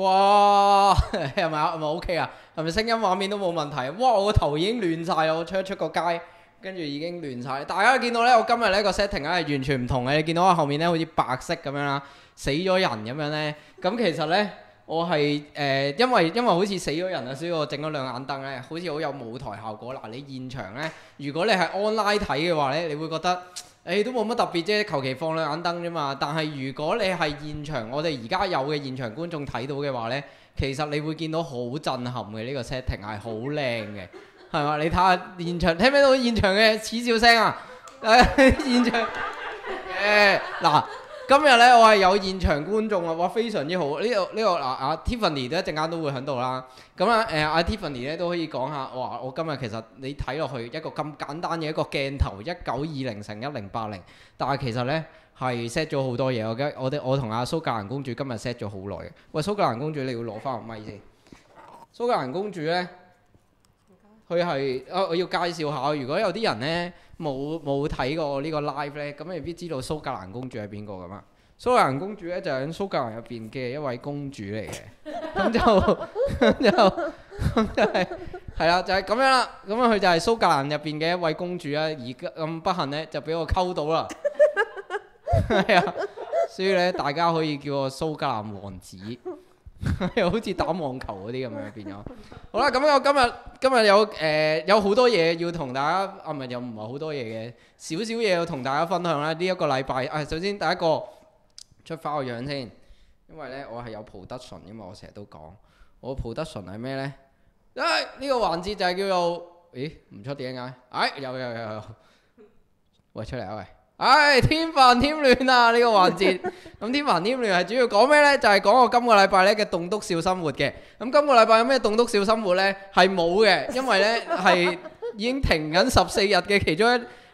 哇，係咪啊？係咪 OK 啊？係咪聲音畫面都冇問題啊？哇！我個頭已經亂晒，我出出個街，跟住已經亂晒！大家見到咧，我今日呢、這個 setting 咧係完全唔同嘅。你見到我後面咧好似白色咁樣啦，死咗人咁樣咧。咁其實咧，我係誒、呃，因為因為，因為好似死咗人啊，所以我整咗兩眼燈咧，好似好有舞台效果。嗱，你現場咧，如果你係 online 睇嘅話咧，你會覺得。誒都冇乜特別啫，求其放兩眼燈啫嘛。但係如果你係現場，我哋而家有嘅現場觀眾睇到嘅話呢，其實你會見到好震撼嘅，呢個 setting 係好靚嘅，係嘛？你睇下現場，聽唔聽到現場嘅恥笑聲啊？誒 現場誒嗱。欸今日咧，我係有現場觀眾啊！哇，非常之好。呢個呢個嗱，阿 Tiffany 都一陣間都會喺度啦。咁啊，誒、啊，阿 Tiffany 咧、啊啊啊、都可以講下。我哇，我今日其實你睇落去一個咁簡單嘅一個鏡頭，一九二零乘一零八零，但係其實咧係 set 咗好多嘢。我我我同阿蘇格蘭公主今日 set 咗好耐嘅。喂，蘇格蘭公主，你要攞翻個咪先。蘇格蘭公主咧，佢係啊，我要介紹下。如果有啲人咧。冇冇睇過呢個 live 咧，咁未必知道蘇格蘭公主係邊個噶嘛？蘇格蘭公主咧就係、是、蘇格蘭入邊嘅一位公主嚟嘅，咁就 就咁就係係啦，就係、是、咁樣啦。咁、嗯、啊，佢就係蘇格蘭入邊嘅一位公主啊，而家咁不幸咧就俾我溝到啦，係 啊，所以咧大家可以叫我蘇格蘭王子。又好似打網球嗰啲咁樣變咗。好啦，咁我今日今日有誒有好多嘢要同大家，啊唔係又唔係好多嘢嘅，少少嘢要同大家分享啦。呢一個禮拜，啊首先第一個出翻個樣先，因為咧我係有蒲德純嘅嘛，因為我成日都講，我蒲德純係咩咧？因為呢個環節就係叫做，咦唔出點解？誒有有有有，喂出嚟啊喂！唉、哎，添煩添亂啊！呢、這個環節，咁添煩添亂係主要講咩呢？就係、是、講我今個禮拜呢嘅棟篤笑生活嘅。咁今個禮拜有咩棟篤笑生活呢？係冇嘅，因為呢係已經停緊十四日嘅其中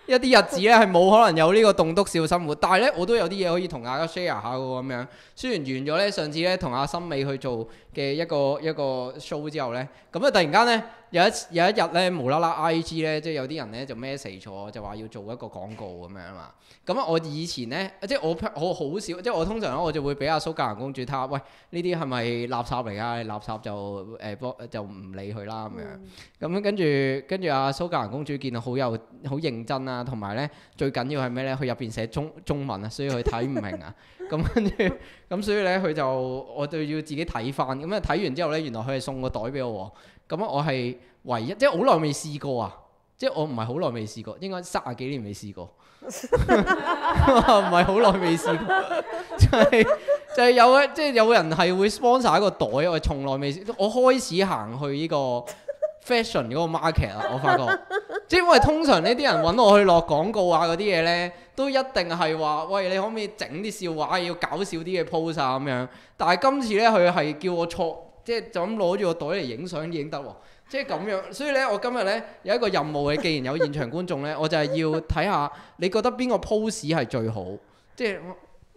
一一啲日子呢係冇可能有呢個棟篤笑生活。但係呢，我都有啲嘢可以同大家 share 下嘅喎，咁樣。雖然完咗呢，上次呢同阿森美去做。嘅一個一個 show 之後呢，咁啊突然間呢，有一有一日呢，無啦啦 IG 呢，即係有啲人呢，就 message 咗，就話要做一個廣告咁樣嘛。咁我以前呢，即係我我好少，即係我通常我就會俾阿蘇格蘭公主睇下，喂，呢啲係咪垃圾嚟㗎？垃圾就誒、呃、就唔理佢啦咁樣。咁跟住跟住阿蘇格蘭公主見到好有好認真啊，同埋呢，最緊要係咩呢？佢入邊寫中中文啊，所以佢睇唔明啊。 咁跟住，咁、 嗯、所以咧，佢就我就要自己睇翻。咁、嗯、啊，睇完之後咧，原來佢係送個袋俾我。咁、嗯、啊，我係唯一，即係好耐未試過啊！即係我唔係好耐未試過，應該卅幾年未試過，唔係好耐未試過，就係、是、就係、是、有啊！即、就、係、是、有人係會 sponsor 一個袋，我從來未，我開始行去呢、這個。Fashion 嗰個 market 啊，我發覺，即係因為通常呢啲人揾我去落廣告啊嗰啲嘢呢，都一定係話，「喂，你可唔可以整啲笑話，要搞笑啲嘅 pose 啊？」咁樣。但係今次呢，佢係叫我錯，即係就咁攞住個袋嚟影相影得喎，即係咁樣。所以呢，我今日呢，有一個任務嘅，既然有現場觀眾呢，我就係要睇下，你覺得邊個 pose 係最好？即係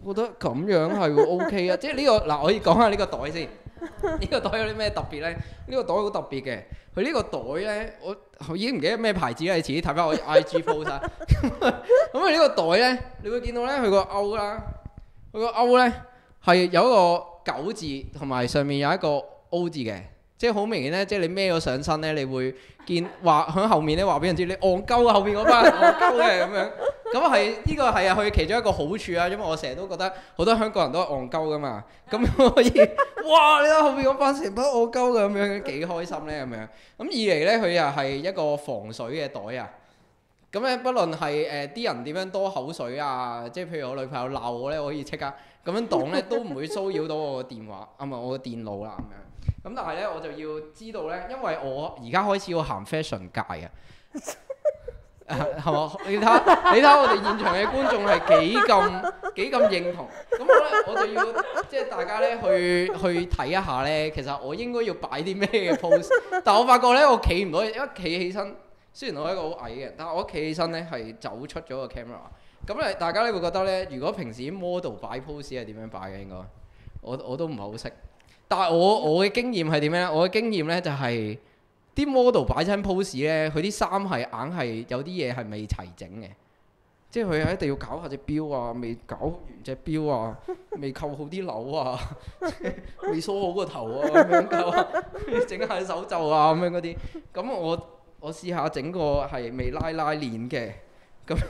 我覺得咁樣係會 OK 啊。即係呢個，嗱，我講下呢個袋先。呢 個袋有啲咩特別呢？呢、這個袋好特別嘅，佢呢個袋呢，我，我已經唔記得咩牌子啦。你自己睇翻我 I G post 啦。咁佢呢個袋呢，你會見到呢，佢個勾啦，佢個勾呢，係有一個九字，同埋上面有一個 O 字嘅。即係好明顯咧，即係你孭咗上身咧，你會見話響後面咧，話俾人知你戇鳩啊，後面嗰班戇鳩嘅咁樣，咁啊係呢個係啊佢其中一個好處啊，因為我成日都覺得好多香港人都係戇鳩噶嘛，咁可以哇，你睇後面嗰班成班戇鳩嘅咁樣幾開心咧咁樣，咁二嚟咧佢又係一個防水嘅袋啊，咁咧不論係誒啲人點樣多口水啊，即係譬如我女朋友鬧我咧，我可以即刻。咁樣擋咧都唔會騷擾到我個電話，啱啊！我個電腦啦，咁樣。咁但係咧，我就要知道咧，因為我而家開始要行 fashion 界嘅，係嘛、 呃？你睇，你睇下我哋現場嘅觀眾係幾咁幾咁認同。咁我咧我就要，即係大家咧去去睇一下咧，其實我應該要擺啲咩嘅 pose。但我發覺咧，我企唔到，一企起身，雖然我係一個好矮嘅人，但係我企起身咧係走出咗個 camera。咁咧，大家咧會覺得咧，如果平時啲 model 擺 pose 係點樣擺嘅？應該我我都唔係好識，但係我我嘅經驗係點樣咧？我嘅經驗咧就係啲 model 擺親 pose 咧，佢啲衫係硬係有啲嘢係未齊整嘅，即係佢一定要搞下隻表啊，未搞完隻表啊，未扣好啲紐啊， 啊，未梳好個頭啊咁樣㗎，整下手袖啊咁樣嗰啲。咁我我試下整個係未拉拉鍊嘅。咁，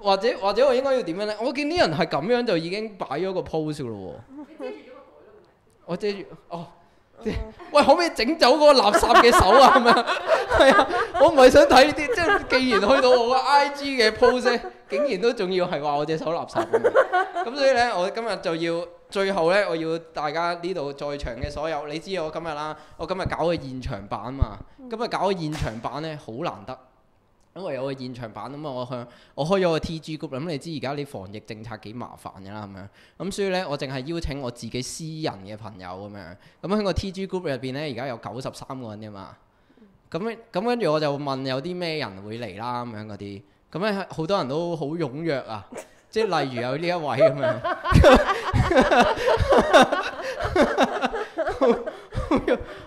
或者或者我應該要點樣呢？我見啲人係咁樣就已經擺咗個 pose 咯 我遮住哦。喂，可唔可以整走嗰垃圾嘅手啊？係咪 是嗎？係 啊、哎，我唔係想睇啲，即、就、係、是、既然去到我個 IG 嘅 pose 咧，竟然都仲要係話我隻手垃圾咁，咁 所以咧，我今日就要最後咧，我要大家呢度在場嘅所有，你知我今日啦，我今日搞個現場版啊嘛，今日搞個現場版咧，好難得。因為有個現場版啊嘛，我向我開咗個 T G group 咁你知而家啲防疫政策幾麻煩㗎啦，係咪？咁所以呢，我淨係邀請我自己私人嘅朋友咁樣。咁喺個 T G group 入邊呢，而家有九十三個人㗎嘛。咁咁跟住我就問有啲咩人會嚟啦，咁樣嗰啲。咁咧好多人都好踴躍啊。 即係例如有呢一位咁樣。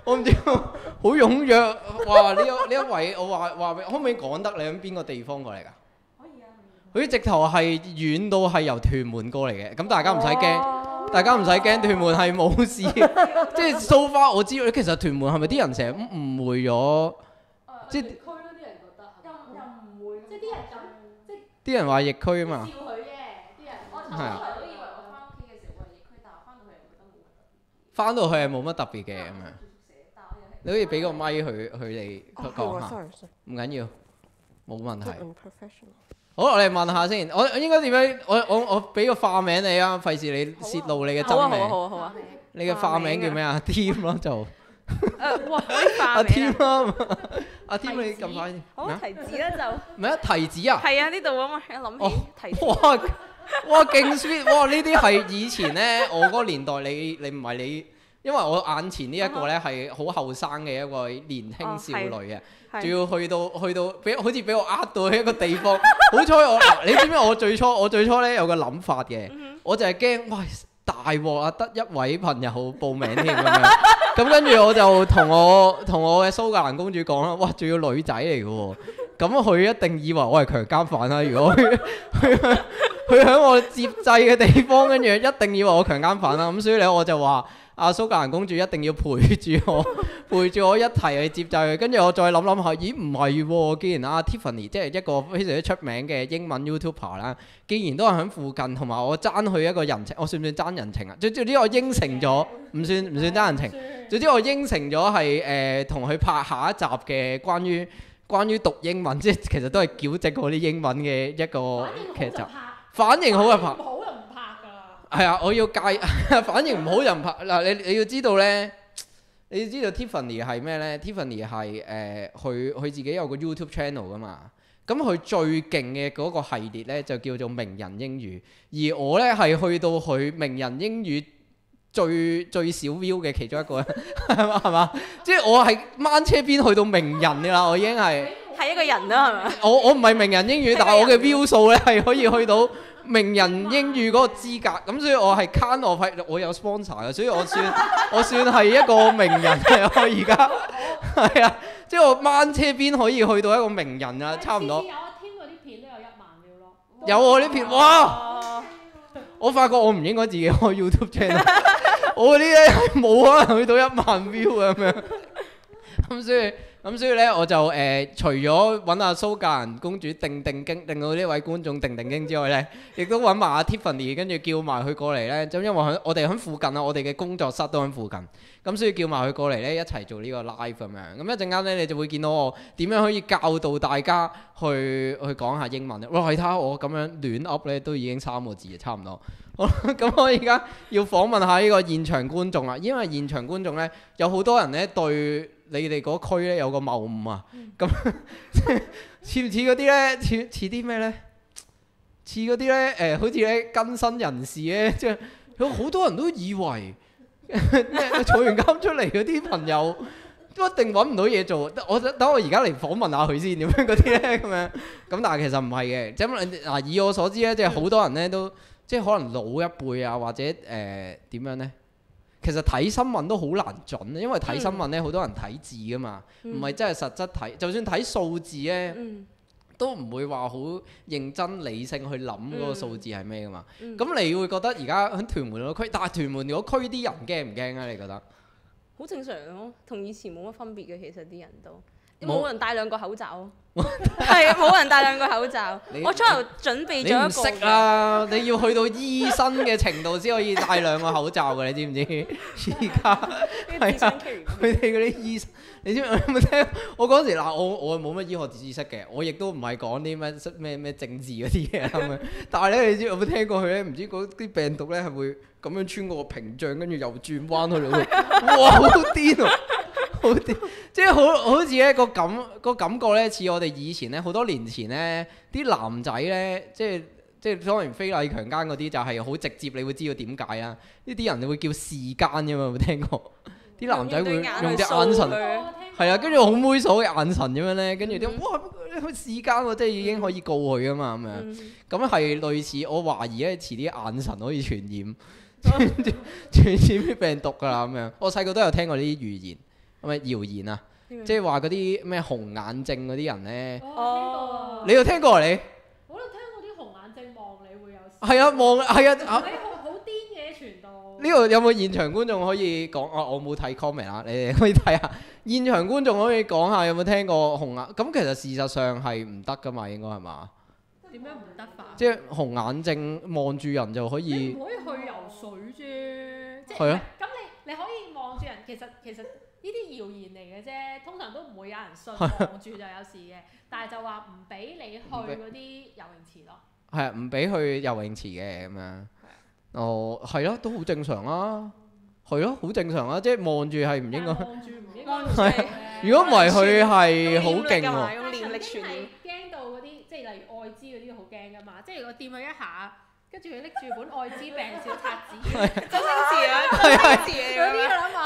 我唔知好踴躍，話呢呢一位，我話話可唔可以講得？你喺邊個地方過嚟㗎？可以啊。佢、嗯、 直頭係遠到係由屯門過嚟嘅，咁大家唔使驚，大家唔使驚，屯門係冇事。 即係、so、far，我知道。道其實屯門係咪啲人成日誤會咗？即係疫區咯、啊，啲人覺得。又又唔會，即係啲人咁，即係。啲人話疫區啊嘛。笑佢啫，啲人我係都的以為我翻屋企嘅時候係疫區，但係翻到去係冇乜特別嘅咁樣。 好似俾個咪佢佢哋講下，唔緊要，冇問題。好、so, well，我哋問下先。我我應該點樣？我我我俾個化名你，你啊，費事你泄露你嘅真名。好啊好啊，你嘅化名叫咩啊？啊、呃、啊？Tim 咯就。阿 Tim 啊，阿 Tim 你撳返？好提子咧就。唔係啊，提子啊。係啊，呢度啊嘛，我諗起提子、oh, 哇哇勁 sweet！哇呢啲係以前咧，我嗰個年代你你唔係你。你你因為我眼前呢一個呢，係好後生嘅一位年輕少女啊，仲、哦、要去到去到，俾好似俾我呃到一個地方， 好彩我你知唔知我最初我最初呢有個諗法嘅，嗯、哼我就係驚喂，大鑊，阿得一位朋友報名添咁 樣，咁跟住我就同我同我嘅蘇格蘭公主講啦，哇，仲要女仔嚟嘅喎，咁佢一定以為我係強奸犯啦。如果佢佢佢喺我接濟嘅地方，跟住一定以為我強奸犯啦。咁、嗯、所以呢，我就話。阿、啊、蘇格蘭公主一定要陪住我， 陪住我一齊去接濟佢。跟住我再諗諗下，咦唔係喎？既然阿、啊、Tiffany 即係一個非常之出名嘅英文 YouTuber 啦，既然都係喺附近，同埋我爭佢一個人情，我、哦、算唔算爭人情啊？總之我應承咗，唔 算唔 算爭人情。 總之我應承咗係誒同佢拍下一集嘅關於關於讀英文，即係其實都係矯正嗰啲英文嘅一個劇集，反應好啊拍。係啊，我要介，反而唔好人拍嗱，你你要知道咧，你要知道 Tiffany 係咩咧？Tiffany 係誒，佢、呃、佢自己有個 YouTube channel 噶嘛，咁佢最勁嘅嗰個系列咧就叫做名人英語，而我咧係去到佢名人英語最最少 view 嘅其中一個人，係 嘛？係嘛？即係 我係掹車邊去到名人嘅啦，我已經係係一個人啦、啊，係咪 我我唔係名人英語， 人但係我嘅 view 數咧係可以去到。名人英語嗰個資格，咁所以我係我係我有 sponsor 嘅，所以我算 我算係一個名人。我而家係啊，即係我掹車邊可以去到一個名人啊？差唔多有啊，天嗰啲片都有一萬 view 咯。有我呢片哇！我發覺我唔應該自己開 YouTube channel， 我嗰啲咧冇可能去到一萬 view 啊咁樣，咁所以。咁、嗯、所以咧，我就誒、呃、除咗揾阿蘇格蘭公主定定經，令到呢位觀眾定定經之外呢，亦都揾埋阿 Tiffany，跟住叫埋佢過嚟呢。咁因為喺我哋喺附近啊，我哋嘅工作室都喺附近。咁、嗯、所以叫埋佢過嚟呢一齊做呢個 live 咁樣。咁一陣間呢，你就會見到我點樣可以教導大家去去講下英文咧。哇！你睇下我咁樣亂噏呢，都已經三個字啊，差唔多。好、咁、嗯嗯、我而家要訪問下呢個現場觀眾啦，因為現場觀眾呢，有好多人呢對。你哋嗰區咧有個謬誤啊，咁似唔似嗰啲咧？似似啲咩咧？似嗰啲咧？誒、呃，好似啲更新人士咧，即係有好多人都以為 坐完監出嚟嗰啲朋友都一定揾唔到嘢做，我，我等我而家嚟訪問下佢先點樣嗰啲咧咁樣。咁 些呢 但係其實唔係嘅，因為嗱以我所知咧，即係好多人咧都即係可能老一輩啊，或者誒點、呃、樣咧？其實睇新聞都好難準，因為睇新聞咧，好多人睇字㗎嘛，唔係、嗯、真係實質睇。就算睇數字咧，嗯、都唔會話好認真理性去諗嗰個數字係咩㗎嘛。咁、嗯嗯、你會覺得而家喺屯門嗰區，但係屯門嗰區啲人驚唔驚啊？你覺得？好正常咯，同以前冇乜分別嘅，其實啲人都。冇人戴兩個口罩，係冇人戴兩個口罩。我初頭準備咗一個。你唔識啊？ 你要去到醫生嘅程度先可以戴兩個口罩嘅，你知唔知？而家係啊，佢哋嗰啲醫生，你知唔知我有冇聽？我嗰時嗱，我我冇乜醫學知識嘅，我亦都唔係講啲咩咩咩政治嗰啲嘢咁樣。 但係咧，你知,知有冇聽過佢咧？唔知嗰啲病毒咧係會咁樣穿過個屏障，跟住又轉彎去到，哇！好癲啊！ 即係好好似咧、個感、個感覺咧，似我哋以前咧好多年前咧啲男仔咧，即係即係當然非禮強奸嗰啲就係、是、好直接，你會知道點解啊？呢啲人你會叫視奸噶嘛？有冇聽過？啲男仔會用隻眼神，係、哦、啊，跟住好猥瑣嘅眼神咁樣咧，跟住啲哇，你視奸喎，即係已經可以告佢噶嘛咁樣。咁係類似，我懷疑咧遲啲眼神可以傳染傳染啲病毒噶啦咁樣。我細個都有聽過呢啲預言。係咪謠言啊？即係話嗰啲咩紅眼症嗰啲人咧？哦，哦你有聽過啊？你我都聽過啲紅眼症望你會有事。係啊，望係啊，啊！呢度、好癲啊、有冇現場觀眾可以講？哦、 啊，我冇睇 comment 啊，你哋可以睇下。 現場觀眾可以講下有冇聽過紅眼？咁 其實事實上係唔得噶嘛，應該係嘛？點樣唔得？即係紅眼症望住人就可以。你唔可以去游水啫。係、就是、 啊。咁你你可以望住人，其實其實。其實呢啲謠言嚟嘅啫，通常都唔會有人信，望住就有事嘅。 但係就話唔俾你去嗰啲游泳池咯。係 啊，唔俾去游泳池嘅咁樣。啊、哦，係咯、啊，都好正常啦。係咯，好正常啊。即係望住係唔應該。望住唔應該、 啊。如果唔係佢係好勁喎。啲氣力夠猛，啲驚到嗰啲，即係例如愛滋嗰啲好驚㗎嘛，即係如果掂佢一下。跟住佢拎住本愛滋病小冊子，周星馳啊，做呢啲啦嘛。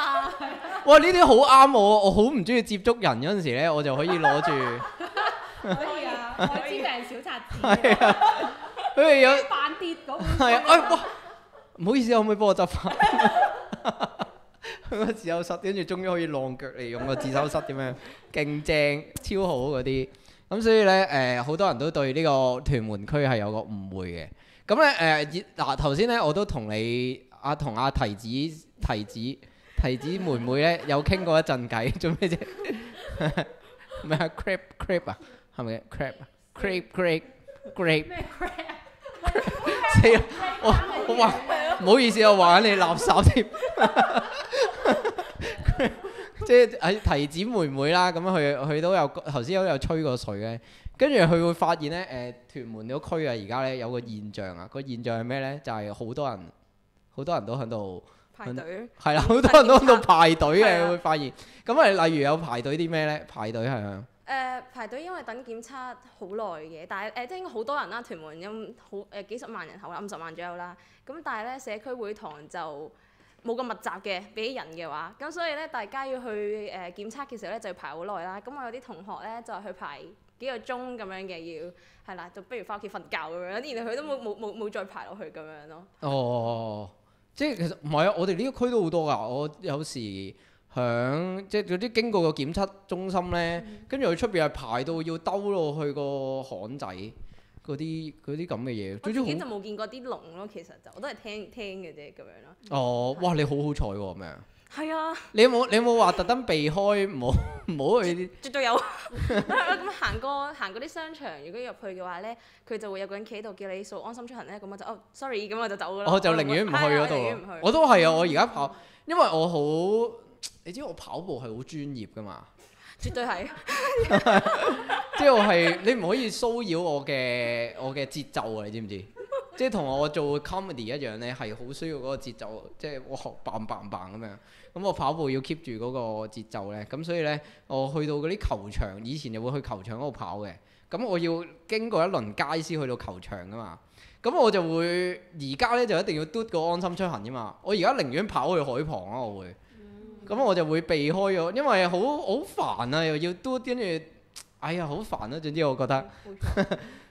哇、啊！呢啲好啱我，我好唔中意接觸人嗰陣時咧，我就可以攞住。 可以啊，愛滋 病小冊子。係啊 對，佢哋有啲翻跌嗰。係啊、哎，哎哇！唔好意思，可唔可以幫我執翻？自 修室，跟住終於可以浪腳嚟用個自修室點樣勁正超好嗰啲，咁所以咧誒好多人都對呢個屯門區係有個誤會嘅。咁咧誒，嗱頭先咧我都同你阿同、啊、阿提子提子提子妹妹咧有傾過一陣偈，做咩啫？咩啊？Creep creep 啊，係咪 creep creep creep creep creep 死啊！我我玩唔好意思，我玩你垃圾添。即係喺提子妹妹啦，咁樣佢佢都有頭先都有吹過水嘅。跟住佢會發現咧，誒、呃、屯門嗰區啊，而家咧有個現象啊，這個現象係咩咧？就係、是、好多人好多人都喺度排隊隊，係啦、嗯，好多人都喺度排隊嘅查會發現。咁、嗯、誒，例如有排隊啲咩咧？排隊係誒排隊、呃，因為等檢測好耐嘅，但係誒即係應該好多人啦。屯門有好誒幾十萬人口啦，五十萬左右啦。咁但係咧社區會堂就冇咁密集嘅，俾人嘅話，咁所以咧，大家要去誒、呃、檢測嘅時候咧，就要排好耐啦。咁我有啲同學咧，就去排幾個鐘咁樣嘅，要係啦，就不如返屋企瞓覺咁樣。啲然後佢都冇冇冇冇再排落去咁樣咯。哦，嗯、即係其實唔係啊，我哋呢個區都好多㗎。我有時響即係嗰啲經過個檢測中心咧，跟住佢出邊係排到要兜落去個巷仔。嗰啲嗰啲咁嘅嘢，最緊就冇見過啲龍咯。其實就我都係聽聽嘅啫，咁樣咯。哦，哇！的你好好彩喎，咩啊的？係啊！你有冇你有冇話特登避開唔好 去啲？絕對有。咁行過行過啲商場，如果入去嘅話咧，佢就會有個人企喺度叫你掃安心出行咧，咁我就哦，sorry，咁我就走啦。我就寧願唔去嗰度，哎。我都係啊！嗯、我而家跑，因為我好，你知道我跑步係好專業㗎嘛。絕對係，即係我係你唔可以騷擾我嘅我嘅節奏啊！你知唔知？ 即係同我做 comedy 一樣咧，係好需要嗰個節奏，即係我學棒棒棒咁樣。咁、嗯、我跑步要 keep 住嗰個節奏咧，咁所以咧，我去到嗰啲球場，以前就會去球場嗰度跑嘅。咁、嗯、我要經過一輪街先去到球場啊嘛。咁、嗯、我就會而家咧就一定要嘟個安心出行啊嘛。我而家寧願跑去海旁啊，我會。咁、嗯、我就會避開咗，因為好好煩啊，又要嘟，跟住，哎呀好煩啊！總之我覺得，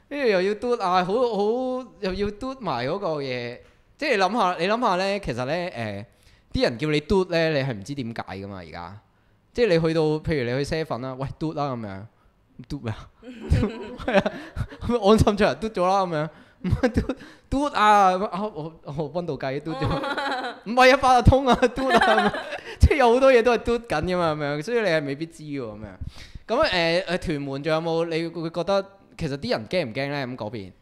跟住又要嘟 o 啊好好又要嘟埋嗰個嘢，即係你諗下，你諗下咧，其實咧誒，啲、呃、人叫你嘟 o 咧，你係唔知點解噶嘛而家，即係你去到，譬如你去 7, Seven 啦，喂嘟啦咁樣嘟 o 咩啊？係啊，安心出嚟嘟咗啦咁樣，唔係嘟嘟 d 啊？我我溫度計嘟咗，唔係一發就通啊嘟啦。 有好多嘢都係 do 緊咁樣，所以你係未必知喎咁樣。咁誒誒，屯門仲有冇你會覺得其實啲人驚唔驚咧？咁嗰邊，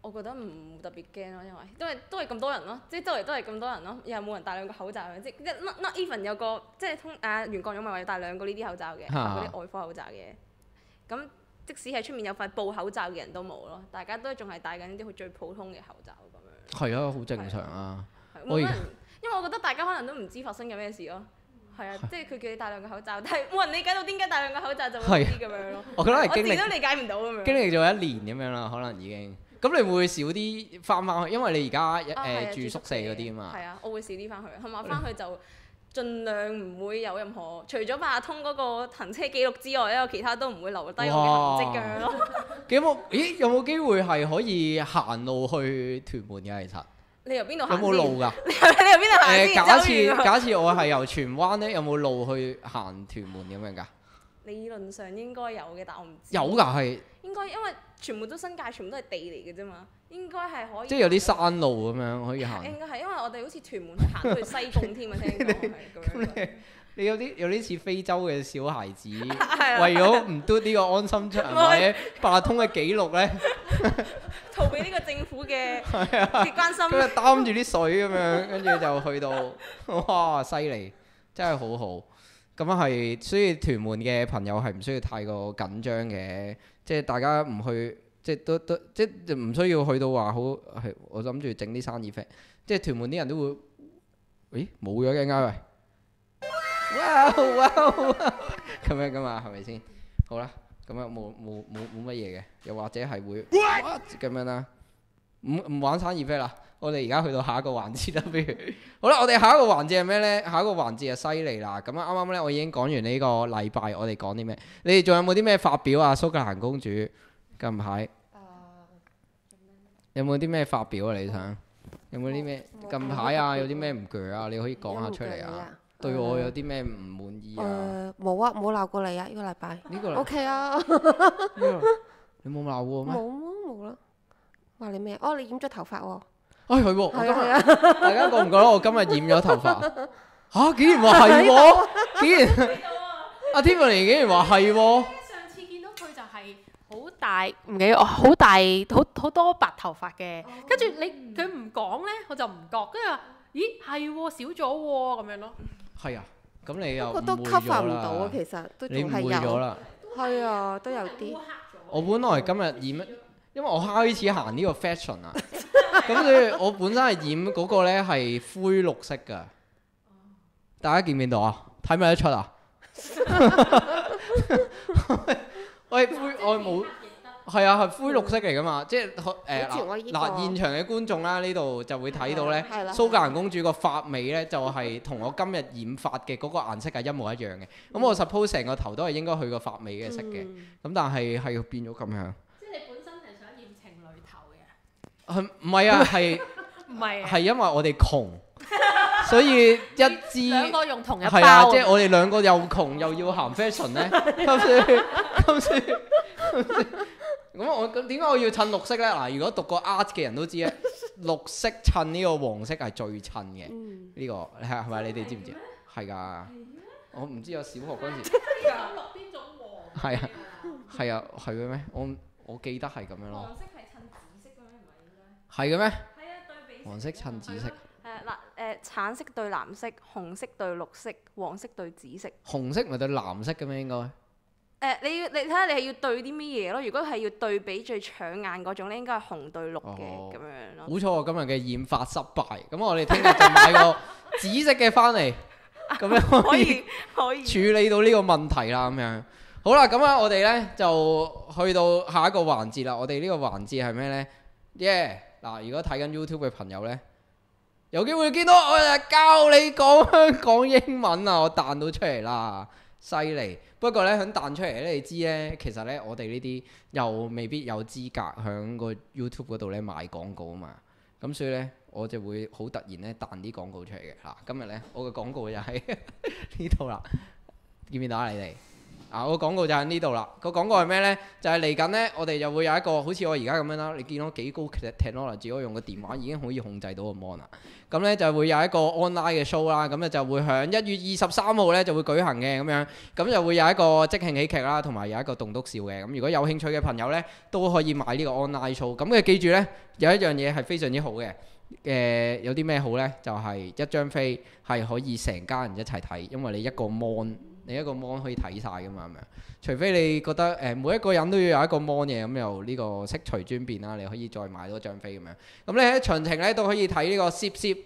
我覺得唔特別驚咯，因為都係都係咁多人咯，即係都係都係咁多人咯。又冇人戴兩個口罩嘅，即 not not even 有個即係通啊袁國勇咪話要戴兩個呢啲口罩嘅，嗰啲、啊、外科口罩嘅。咁即使係出面有塊布口罩嘅人都冇咯，大家都仲係戴緊啲好最普通嘅口罩咁樣。係啊，好正常啊。啊我而因為我覺得大家可能都唔知發生緊咩事咯，係啊，即係佢叫你戴兩個口罩，但係冇人理解到點解戴兩個口罩就會啲咁樣咯。我覺得係驚，我自己都理解唔到咁樣。經歷咗一年咁樣啦，可能已經。咁你會少啲翻返去，因為你而家誒住宿舍嗰啲啊嘛。係啊，我會少啲翻去，同埋翻去就盡量唔會有任何，除咗八達通嗰個行車記錄之外咧，其他都唔會留低我嘅痕跡咁樣咯。有冇咦？有冇機會係可以行路去屯門嘅係咪？你由邊度行？有冇路㗎？你由邊度行先？誒，假設假設我係由荃灣咧，有冇路去行屯門咁樣㗎？理論上應該有嘅，但我唔知。有㗎係。應該因為屯門都新界，全部都係地嚟嘅啫嘛，應該係可以。即係有啲山路咁樣可以行。應該係因為我哋好似屯門行去西貢添啊，聽講係咁樣。你有啲有啲似非洲嘅小孩子， 啊、為咗唔嘟呢個安心出行，或者八達通嘅紀錄咧， 逃避呢個政府嘅關心、 啊。咁啊擔住啲水咁樣，跟住就去到， 哇！犀利，真係好好。咁啊係，所以屯門嘅朋友係唔需要太過緊張嘅，即係大家唔去，即係都都即係唔需要去到話好。我諗住整啲生意 f 即係屯門啲人都會，咦？冇咗嘅啱啊！喂咁 Wow，wow, wow. 樣噶嘛，係咪先？好啦，咁樣冇冇冇冇乜嘢嘅，又或者係會咁 What? 樣啦。唔唔玩生意飛啦，我哋而家去到下一個環節啦。不如好啦，我哋下一個環節係咩呢？下一個環節係犀利啦。咁啱啱咧我已經講完呢個禮拜我哋講啲咩。你哋仲有冇啲咩發表啊？蘇格蘭公主近排有冇啲咩發表啊？你想有冇啲咩近排啊？有啲咩唔鋸啊？你可以講下出嚟啊。對我有啲咩唔滿意啊？誒，冇啊，冇鬧過你啊，呢個禮拜，呢個，O K 啊，你冇鬧過咩？冇啊，冇啦。話你咩？哦，你染咗頭髮喎。哎，係喎，我今日，大家覺唔覺得我今日染咗頭髮？吓，竟然話係喎，竟然，阿 Tiffany 竟然話係喎。上次見到佢就係好大，唔記得，好大，好好多白頭髮嘅。跟住你，佢唔講咧，我就唔覺。跟住話，咦，係喎，少咗喎，咁樣咯。係啊，咁你又我都吸發唔到啊，其實都仲係有，係啊，都有啲。我本來今日染，因為我開始行呢個 fashion 啊，咁 所以我本身係染嗰個咧係灰綠色㗎，大家見唔見到啊？睇唔睇得出啊？我係 灰，我冇。係啊，係灰綠色嚟噶嘛，即係呃嗱嗱現場嘅觀眾啦，呢度就會睇到咧，蘇格蘭公主個髮尾咧就係、是、同我今日染髮嘅嗰個顏色係一模一樣嘅。咁、嗯、我 suppose 成個頭都係應該去個髮尾嘅色嘅，咁、嗯、但係係變咗咁樣。即係你本身係想染情侶頭嘅，唔係啊？係唔係啊？係 是、啊、因為我哋窮，所以一支 兩個用同一包啊，即係我哋兩個又窮又要行 fashion 咧，今時今時。咁我點解我要襯綠色咧？嗱，如果讀過 art 嘅人都知咧，綠色襯呢個黃色係最襯嘅。呢個你係咪你哋知唔知？係㗎，我唔知有小學嗰陣時。係啊，係啊，係嘅咩？我我記得係咁樣咯。黃色係襯紫色嘅咩？唔係應該？係嘅咩？黃色襯紫色。誒，藍，誒，橙色對藍色，紅色對綠色，黃色對紫色。紅色咪對藍色嘅咩？應該。誒、呃，你要你睇下你係要對啲乜嘢咯？如果係要對比最搶眼嗰種咧，應該係紅對綠嘅咁、哦、樣咯。冇錯，今日嘅染髮失敗。咁 我哋聽日就買個紫色嘅翻嚟，咁、啊、樣可以，可以，可以處理到呢個問題啦。咁樣好啦，咁啊，我哋咧就去到下一個環節啦。我哋呢個環節係咩咧？耶！嗱，如果睇緊 YouTube 嘅朋友咧，有機會見到我啊，教你講香港英文啊，我彈到出嚟啦。犀利，不過咧響彈出嚟咧，你知咧，其實咧我哋呢啲又未必有資格響個 YouTube 嗰度咧賣廣告啊嘛，咁所以咧我就會好突然咧彈啲廣告出嚟嘅嚇。今日咧我嘅廣告就喺呢度啦，見唔見到你哋？啊，我嘅廣告就喺呢度啦。個廣告係咩呢？就係嚟緊呢，我哋就會有一個好似我而家咁樣啦。你見到幾高其實 technology，我用個電話已經可以控制到個 mon 啦。咁咧就會有一個 online 嘅 show 啦，咁咧就會喺一月二十三號咧就會舉行嘅咁樣，咁就會有一個即興喜劇啦，同埋有一個棟篤笑嘅。咁如果有興趣嘅朋友咧，都可以買呢個 online show。咁嘅記住咧，有一樣嘢係非常之好嘅，誒、呃，有啲咩好咧？就係、是、一張飛係可以成家人一齊睇，因為你一個 mon。另一個 mon 可以睇晒噶嘛，係咪？除非你覺得誒、呃，每一個人都要有一個 mon 嘢，咁由呢個悉隨尊便啦，你可以再買多張飛咁樣。咁咧喺詳情咧都可以睇呢個 sip sip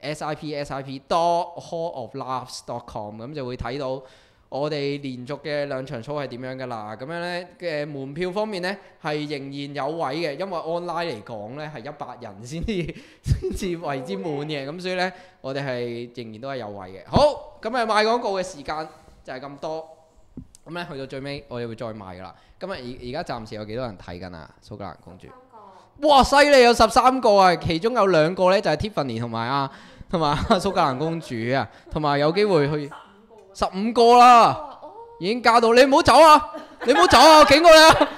s i p s d o hall of loves dot com 咁、嗯嗯、就會睇到我哋連續嘅兩場 show 係點樣噶啦。咁樣咧嘅門票方面咧係仍然有位嘅，因為 online 嚟講咧係一百人先至先至為之滿嘅，咁、嗯、所以咧我哋係仍然都係有位嘅。好，咁啊賣廣告嘅時間。就係咁多，咁咧去到最尾，我哋會再賣噶啦。今日而而家暫時有幾多人睇緊啊？蘇格蘭公主，哇個，犀利有十三個啊！其中有兩個咧，就係、是、Tiffany 同埋啊，同埋、啊、蘇格蘭公主啊，同埋有機會去十五個啦。哦、已經加到，你唔好走啊！你唔好走啊！ 警告你啊！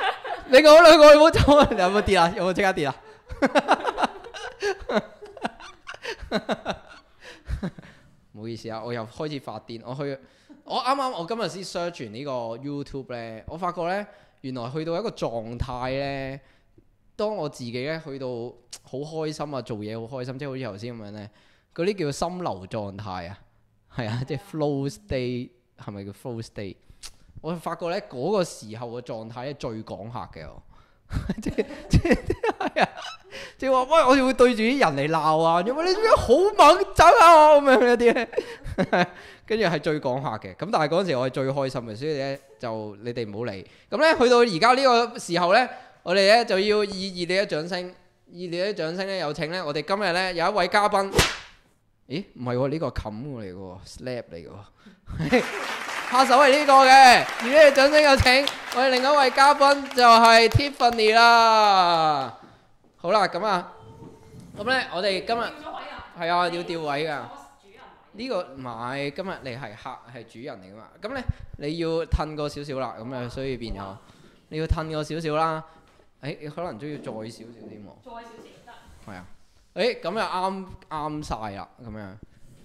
你個兩個你唔好走啊！ 你有冇跌啊？有冇即刻跌啊？唔 好意思啊！我又開始發電，我去。我啱啱我今日先 search 完呢個 YouTube 咧，我發覺咧原來去到一個狀態咧，當我自己咧去到好開心啊，做嘢好開心，即係好似頭先咁樣咧，嗰啲叫心流狀態啊，係啊，即係 flow state 係咪叫 flow state？我發覺咧嗰個時候嘅狀態咧最講客嘅。即即係啊！即係話喂，我哋會對住啲人嚟鬧啊！你話你點樣好猛真啊？咁樣有啲，跟住係最講客嘅。咁但係嗰陣時我係最開心嘅，所以咧就你哋唔好理。咁咧去到而家呢個時候咧，我哋咧就要以熱烈嘅掌聲，熱烈嘅掌聲咧有請咧，我哋今日咧有一位嘉賓。咦？唔係喎，呢個冚嚟嘅喎，snap 嚟嘅喎。下手係呢個嘅，而家嘅掌聲有請我哋另一位嘉賓就係 Tiffany 啦。好啦，咁啊，咁咧我哋今日係啊要調位噶。呢個唔係今日你係客係主人嚟噶嘛？咁咧你要褪過少少啦，咁啊所以變咗你要褪過少少啦。誒，你可能都要再少少添喎。再少少得。係啊。誒，咁又啱啱曬啦，咁樣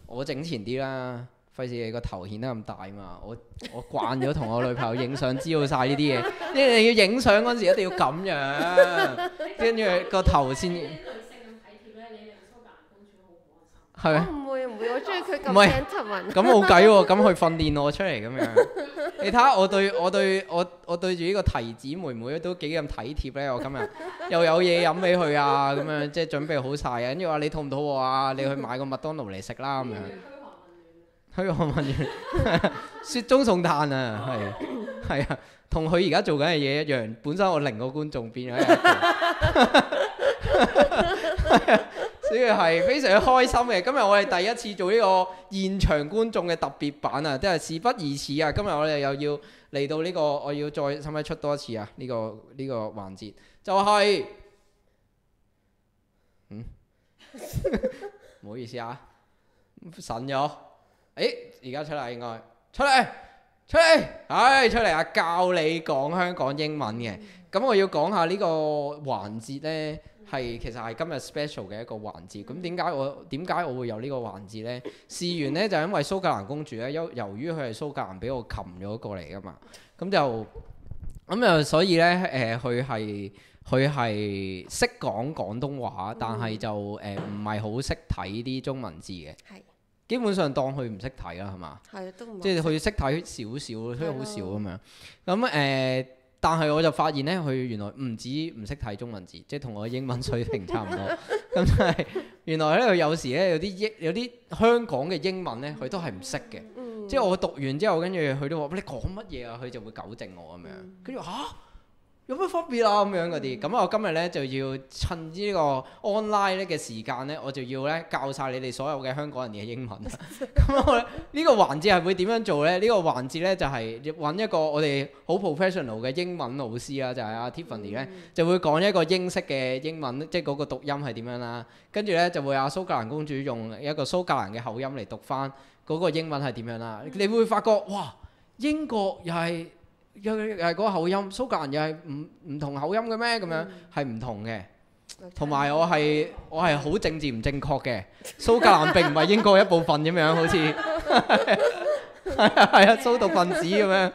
我整前啲啦。費事你個頭顯得咁大嘛？我我慣咗同我女朋友影相， 知道晒呢啲嘢。因為你一定要影相嗰陣時一定要咁樣，跟住個後頭先。係啊先，唔、哦、會唔會？我中意佢咁樣、啊。唔係。咁冇計喎，咁去訓練我出嚟咁樣。你睇下我對我對我我對住呢個提子妹妹都幾咁體貼咧。我今日又有嘢飲俾佢啊，咁樣即係準備好晒啊。跟住話你肚唔肚餓啊？你去買個麥當勞嚟食啦咁樣。 嗯佢我問住雪中送炭啊，係係啊，同佢而家做緊嘅嘢一樣。本身我零個觀眾變咗一樣，所以係非常開心嘅。今日我哋第一次做呢個現場觀眾嘅特別版啊，即係事不而遲啊，事不宜遲。今日我哋又要嚟到呢個，我要再使唔使出多一次啊？呢個呢個環節就係嗯，唔好意思啊，神咗～誒，而家出嚟應該出嚟出嚟，哎出嚟啊！教你講香港英文嘅。咁我要講下呢個環節呢，係其實係今日 special 嘅一個環節。咁點解我點解我會有呢個環節呢？事源呢就因為蘇格蘭公主咧，由由於佢係蘇格蘭俾我擒咗過嚟噶嘛，咁就咁就所以呢，誒佢係佢係識講廣東話，但係就誒唔係好識睇啲中文字嘅。係。基本上當佢唔識睇啦，係嘛？係即係佢識睇少少，所以好少咁樣。咁誒、呃，但係我就發現咧，佢原來唔止唔識睇中文字， 即係同我英文水平差唔多。咁但係原來咧，佢有時咧有啲英有啲香港嘅英文咧，佢都係唔識嘅。即係我讀完之後，跟住佢都話，嗯、你講乜嘢啊？佢就會糾正我咁樣。跟住嚇。有咩分別啊？咁樣嗰啲，咁、嗯、我今日咧就要趁呢個 online 咧嘅時間咧，我就要咧教晒你哋所有嘅香港人嘅英文啦。咁啊， 我呢、呢個環節係會點樣做呢？呢、呢個環節咧就係、係、揾一個我哋好 professional 嘅英文老師啊，就係、係、阿 Tiffany 咧，嗯、就會講一個英式嘅英文，即係嗰個讀音係點樣啦。跟住咧就會阿蘇格蘭公主用一個蘇格蘭嘅口音嚟讀翻嗰個英文係點樣啦。你會發覺哇，英國又係～又係嗰個口音，蘇格蘭又係唔唔同口音嘅咩？咁樣係唔、嗯、同嘅。同埋 Okay. 我係我係好政治唔正確嘅。蘇格蘭並唔係英國一部分咁樣，好似係啊係啊，蘇獨分子咁樣子。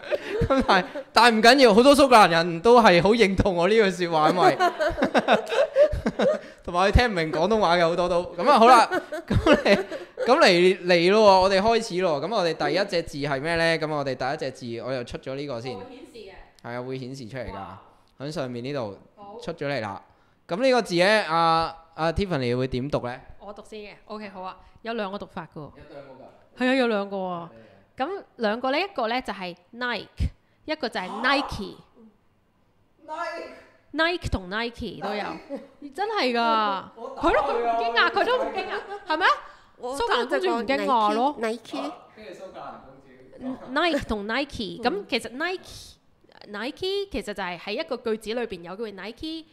咁但係但係唔緊要，好多蘇格蘭人都係好認同我呢句説話，因為。 同埋你聽唔明廣東話嘅好多都，咁啊、 嗯、好啦，咁嚟咁嚟嚟咯，我哋開始咯，咁我哋第一隻字係咩呢？咁我哋第一隻字，我又出咗呢個先，係啊、嗯，會顯示出嚟㗎，喺哇上面呢度出咗嚟啦。咁呢好、嗯呢個字呢？阿、啊、阿、啊、Tiffany 會點讀呢？我先讀先嘅，OK 好啊，有兩個讀法嘅，有兩個㗎，係啊有兩個，咁兩個呢，一個呢，就係 Nike，一個就係 Nike。Nike。啊 Nike 同 Nike 都有，真係噶，佢咯，佢唔驚訝，佢都唔驚訝，係咪？蘇格蘭公主唔驚我咯。Nike 跟住蘇格蘭公主。Nike 同 Nike，咁其實 Nike，Nike 其實就係喺一個句子裏邊有句 Nike，誒誒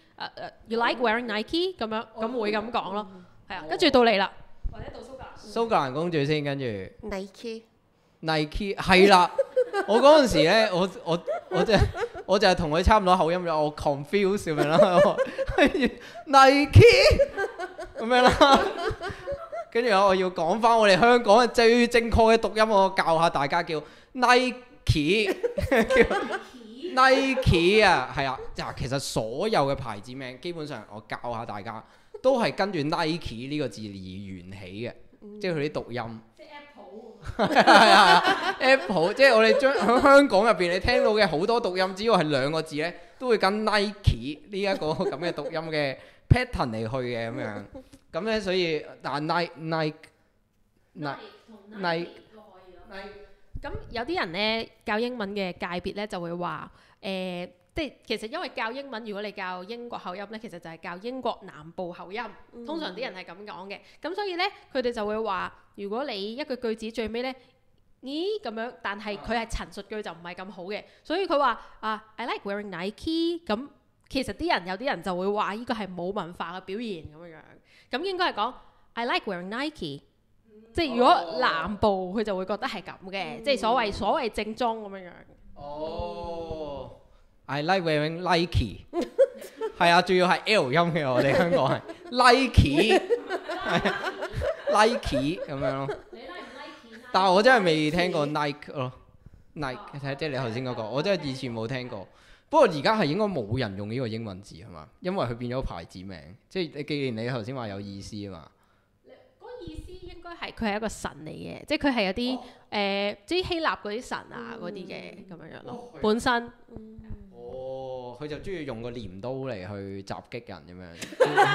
，You like wearing Nike 咁樣，咁會咁講咯。係啊，跟住到你啦。或者到蘇格蘭。蘇格蘭公主先，跟住 Nike，Nike 係啦。我嗰陣時咧，我我我即係，我就係同佢差唔多口音咁，我 confuse 咁樣啦 ，Nike 咁樣啦，跟 住我要講翻我哋香港嘅最正確嘅讀音，我教下大家叫 Nike，Nike 啊，係啊，就其實所有嘅牌子名基本上我教下大家，都係跟住 Nike 呢個字而源起嘅，即係佢啲讀音。Apple，即係我哋將喺香港入邊你聽到嘅好多讀音，只要係兩個字咧，都會跟 Nike 呢一個咁嘅讀音嘅 pattern 嚟去嘅咁樣。咁咧，所以但 Nike，Nike，Nike，Nike。咁有啲人咧，教英文嘅界別咧就會話誒。即係其實因為教英文，如果你教英國口音咧，其實就係教英國南部口音。通常啲人係咁講嘅，咁、嗯、所以咧佢哋就會話，如果你一句句子最尾咧，咦咁樣，但係佢係陳述句就唔係咁好嘅。所以佢話啊，I like wearing Nike。咁其實啲人有啲人就會話呢個係冇文化嘅表現咁樣樣。咁應該係講 I like wearing Nike。即係如果南部佢、哦、就會覺得係咁嘅，嗯、即係所謂所謂正宗咁樣樣。哦。I like wearing Nike，係啊，仲要係 L 音嘅我哋香港係 Nike，係啊 Nike 咁樣咯。但係我真係未聽過 Nike 咯，Nike 睇即係你頭先嗰個，我真係以前冇聽過。不過而家係應該冇人用呢個英文字係嘛，因為佢變咗牌子名，即係你既然你頭先話有意思啊嘛，嗰意思應該係佢係一個神嚟嘅，即係佢係有啲誒啲希臘嗰啲神啊嗰啲嘅咁樣樣咯，本身。佢就中意用個鎌刀嚟去襲擊人咁樣，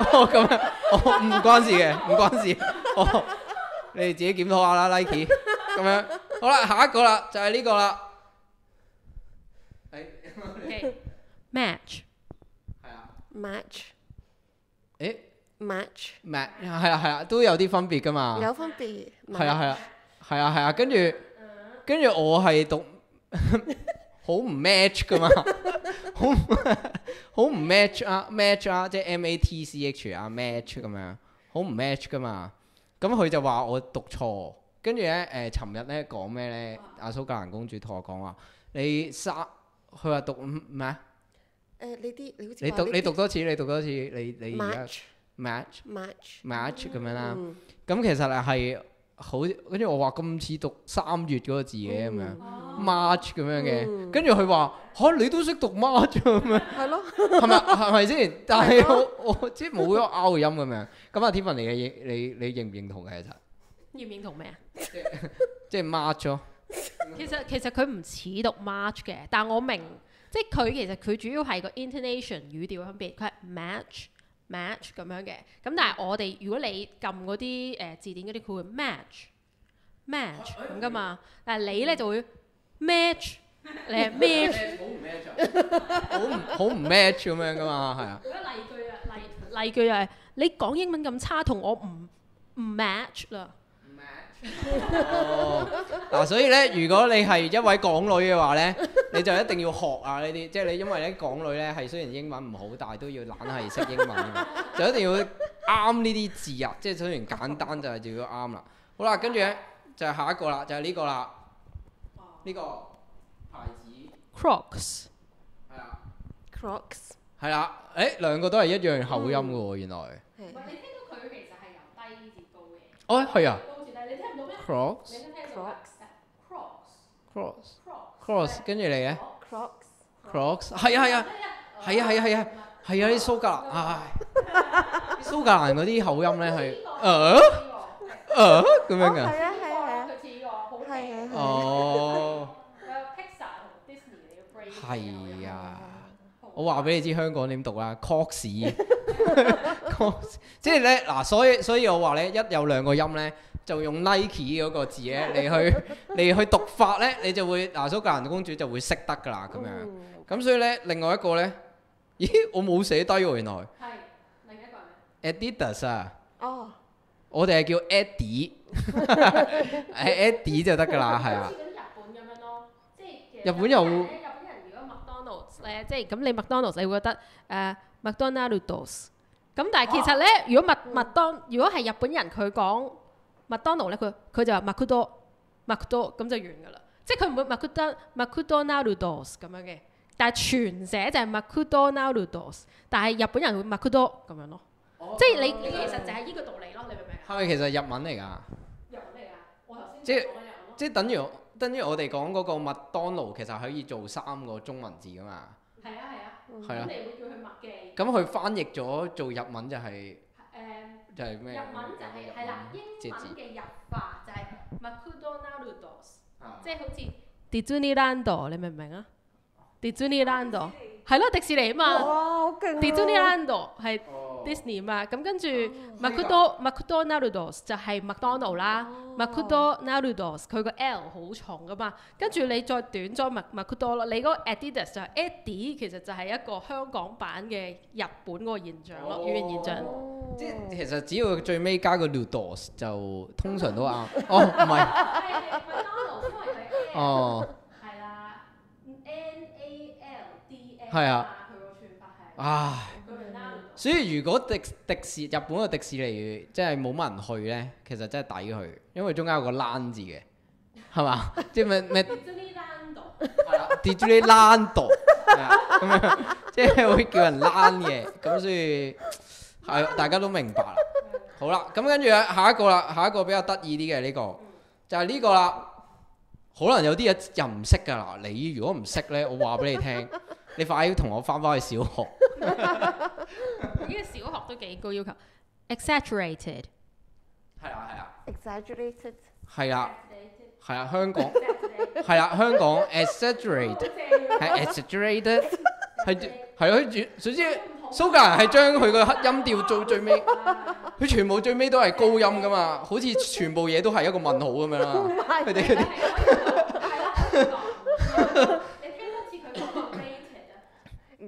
哦咁樣，哦唔關事嘅，唔關事，哦，你哋自己檢討下啦，Nike，咁樣，好啦，下一個啦，就係呢個啦，係，match，係啊，match，誒，match，match，係啊係啊，都有啲分別噶嘛，有分別，係啊係啊係啊係啊，跟住，跟住我係讀。好唔 match 㗎嘛？好好唔 match 啊 match 啊，即係 M A T C H 啊 match 咁樣，好唔 match 㗎嘛？咁佢就話我讀錯，跟住咧誒，尋日咧講咩咧？阿蘇格蘭公主同我講話，你三，佢話讀唔咩？誒，你啲你好似你讀你讀多次，你讀多次，你你 match match match 咁樣啦。咁其實係。好，跟住我話咁似讀三月嗰個字嘅咁、哦、樣，March，咁樣嘅，跟住佢話嚇你都識讀 March 咁樣，係咯，係咪係咪先？但係我、啊、我，我即係冇咗拗音咁樣，咁啊、嗯、Tiffany 嚟嘅，應你你，你認唔認同嘅其實？認唔認同咩啊？ 即係 March 咯。其實其實佢唔似讀 March 嘅，但我明即係佢其實佢主要係個 intonation 語調分別，佢 match。match 咁樣嘅，咁但係我哋如果你撳嗰啲誒字典嗰啲，佢會 match，match 咁噶喂嘛，喂但係你咧就會 match，你係 match，好唔 match，好唔好唔 match 咁樣噶嘛，係 啊。如果例句啊，例例句係，就係，你講英文咁差，同我唔唔 match 啦。 哦，嗱、啊，所以咧，如果你係一位港女嘅話咧，你就一定要學啊呢啲，即、就、係、是、你因為咧港女咧係雖然英文唔好，但係都要懶係識英文，就一定要啱呢啲字啊！即係雖然簡單，就係就要啱啦。好啦，跟住咧就係、是、下一個啦，就係、是、呢個啦，呢哇、呢個牌子 Crocs，係啊，Crocs 係啦，誒 cs、啊欸、兩個都係一樣口音嘅喎，嗯、原來。唔係你聽到佢其實係由低至高嘅。哦，係、哎、啊。Crocs，Crocs，Crocs，Crocs，跟住你嘅。Crocs，Crocs，係啊係啊，係啊係啊係啊，係啊！蘇格蘭，唉，蘇格蘭嗰啲口音咧係，啊？啊？咁樣嘅。係啊係啊係啊。係啊係啊。哦。佢似。係啊，我話俾你知香港點讀啦，Crocs。即係咧嗱，所以所以我話咧，一有兩個音咧。就用 Nike 嗰個字咧，嚟去嚟去讀法咧，你就會亞蘇格蘭公主就會識得噶啦咁樣。咁所以咧，另外一個咧，咦？我冇寫低喎原來。係另一個咧。Adidas 啊。哦。我哋係叫 Adi。係 Adi 就得噶啦，係啊。好似嗰啲日本咁樣咯，即係其實。日本又。日本人如果 McDonald's 咧，即係咁你 McDonald's 你會覺得誒 McDonald's，咁但係其實咧，如果麥麥當如果係日本人佢講。麥當勞咧，佢佢就話麥克多麥克多咁就完㗎啦，即係佢唔會麥克多麥克多ナルドーズ咁樣嘅，但係全寫就係麥克多ナルドーズ，但係日本人會麥克多咁樣咯，即係你你其實就係呢個道理咯，你明唔明啊？係咪其實日文嚟㗎？日文嚟㗎，我頭先講日文咯。即係等於等於我哋講嗰個麥當勞，其實可以做三個中文字㗎嘛。係啊係啊。咁你會叫佢麥記。咁佢翻譯咗做日文就係。日文就係、是，係啦，英文嘅日化就係 McDonald's。即係 好似、uh. 迪士尼 lando，你明唔明啊？迪士尼 lando 係咯，迪士尼啊嘛，哦哦、迪士尼 lando 係。Disney 嘛，咁跟住 McDonalds Makudo, Makudonarudo 就係麥當勞啦。Makudonarudo 佢個 L 好重噶嘛，跟住你再短咗麥，Makudo 你嗰 Adidas 就 Adi，其實就係一個香港版嘅日本嗰個現象咯，語言現象。即係其實只要最尾加個 narudos 就通常都啱。哦，唔係。哦。麥當勞，因為佢個 L。係啦。NALD。係啊。啊。所以如果迪士的迪士日本嘅迪士尼即係冇乜人去呢，其實真係抵去，因為中間有個攣字嘅，係嘛？ 即係咪咪？迪士尼攣度，迪士尼攣度，咁樣即係會叫人攣嘅，咁所以係 大家都明白啦。好啦，咁跟住下一個啦，下一個比較得意啲嘅呢個就係、是、呢個啦。可能有啲嘢又唔識㗎啦。你如果唔識呢，我話俾你聽。 你快啲同我翻返去小學，呢個小學都幾高要求。Exaggerated，係啊係 啊。Exaggerated，係啊係啊香港係 啊香港 exaggerated 係 exaggerated 係係咯，佢總之蘇格蘭係將佢個音調做最尾，佢全部最尾都係高音噶嘛，好似全部嘢都係一個問號咁樣啊！佢哋佢哋。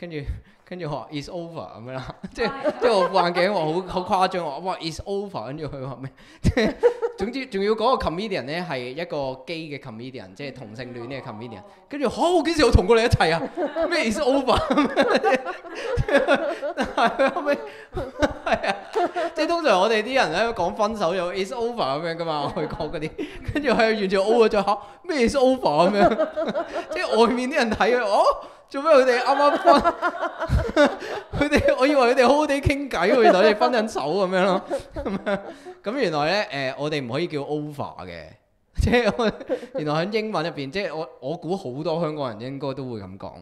跟住跟住話 is over 咁樣啦， 即係即係我眼鏡話好好誇張喎，哇 is over，跟住佢話咩？即係 總之仲要嗰個 comedian 咧係一個 gay 嘅 comedian，即係同性戀嘅 comedian。Ah, 跟住好幾時我有同過你一齊啊？咩 is over？但係後尾係啊，即係 通常我哋啲人咧講分手又 is over 咁樣㗎嘛，外國嗰啲，跟住佢完全、oh, over 咗嚇，咩 is over 咁樣？ 即係外面啲人睇佢，哦、oh。做咩？佢哋啱啱佢哋我以為佢哋好好地傾偈，原來你分緊手咁樣咯，咁 原來咧誒、呃，我哋唔可以叫 over 嘅， 即係原來喺英文入邊，即係我我估好多香港人應該都會咁講。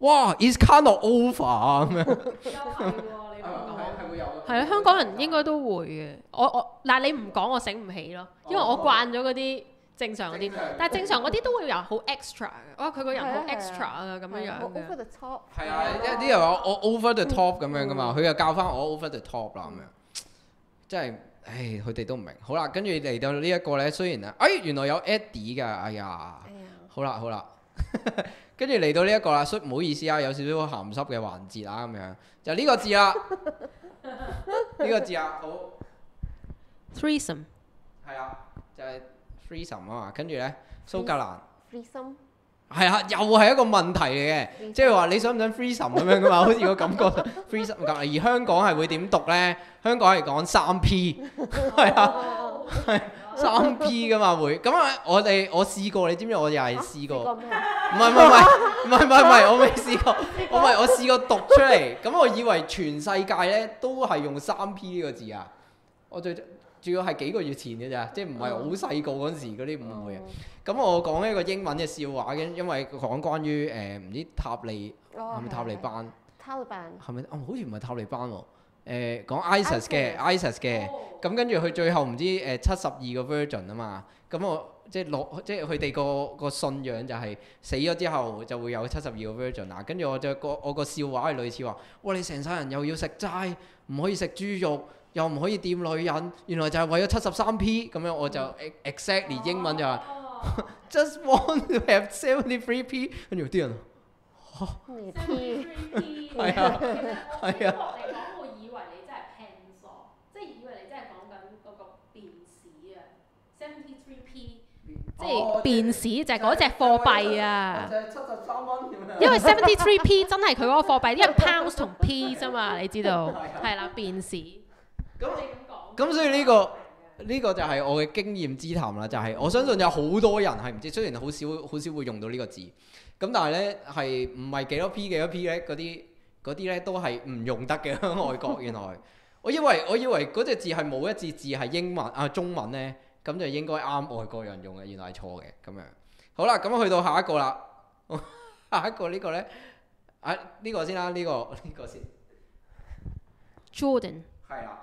哇，is kind of over 啊咁樣。有你唔講係啊，有嘅。係啊，香港人應該都會嘅。我我嗱你唔講我醒唔起咯，因為我慣咗嗰啲。正常嗰啲，但係正常嗰啲都會有人好 extra 嘅，我話佢個人好 extra 啊咁樣樣。Over the top。係啊，因為啲人話我 over the top 咁樣噶嘛，佢又、嗯、教翻我 over the top 啦咁樣，嗯、真係，唉，佢哋都唔明。好啦，跟住嚟到呢、這、一個咧，雖然啊，哎，原來有 Eddie 噶。哎呀，好啦、哎、呀好啦，跟住嚟到呢一個啦，雖 唔好意思啊，有少少鹹濕嘅環節啊咁樣，就呢個字啦、啊，呢 個字啊，好。Threesome。係啊，就係、是。Threesome 啊嘛，跟住咧蘇格蘭。Threesome。係啊，又係一個問題嚟嘅，即係話你想唔想 Threesome 咁樣㗎嘛？啊、 好似個感覺 ，Threesome 咁。Some, 而香港係會點讀咧？香港係講三 P，係 啊，係三 P 㗎嘛會。咁啊，我哋我試過，你知唔知我哋又係試過？唔係唔係唔係唔係唔係， 我未試過。我咪我試過讀出嚟，咁我以為全世界咧都係用三 P 呢個字啊！我最～主要係幾個月前嘅咋，即係唔係好細個嗰陣時嗰啲唔會啊。咁、oh. 我講一個英文嘅笑話嘅，因為講關於誒唔、呃、知塔利係咪、oh、塔利班？塔利班係咪？哦，好似唔係塔利班喎。誒、呃、講 ISIS Okay. ISIS 嘅 ISIS 嘅，咁、oh. 跟住佢最後唔知誒七十二個 version 啊嘛。咁我即係落即係佢哋個個信仰就係死咗之後就會有七十二個 version 嗱。跟住我就我個我個笑話係類似話，哇！你成世人又要食齋，唔可以食豬肉。又唔可以掂女人，原來就係為咗七十三 p 咁樣，我就 exactly 英文就話 just want to have seventy three p，跟住啲人，嚇，seventy three p，係啊，係啊，其實外國嚟講，我以為你真係偏傻，即係以為你真係講緊嗰個便士啊，seventy three p，即係便士就係嗰隻貨幣啊，七十三蚊點啊，因為 seventy three p 真係佢嗰個貨幣，因為 pounds 同 p 啫嘛，你知道，係啦，便士。咁你點講？咁、嗯嗯、所以呢、呢個呢、呢個就係我嘅經驗之談啦，就係、係、我相信有好多人係唔知，雖然好少好少會用到呢個字，咁但係呢係唔係幾多 P 幾多 P 呢？嗰啲嗰啲呢都係唔用得嘅外國。原來 我以為我以為嗰隻字係冇一隻字係英文啊中文呢，咁就應該啱外國人用嘅，原來係錯嘅咁樣。好啦，咁去到下一個啦、啊，下一個呢個呢？啊呢、呢個先啦，呢、呢個呢、呢個先。Jordan。係啊。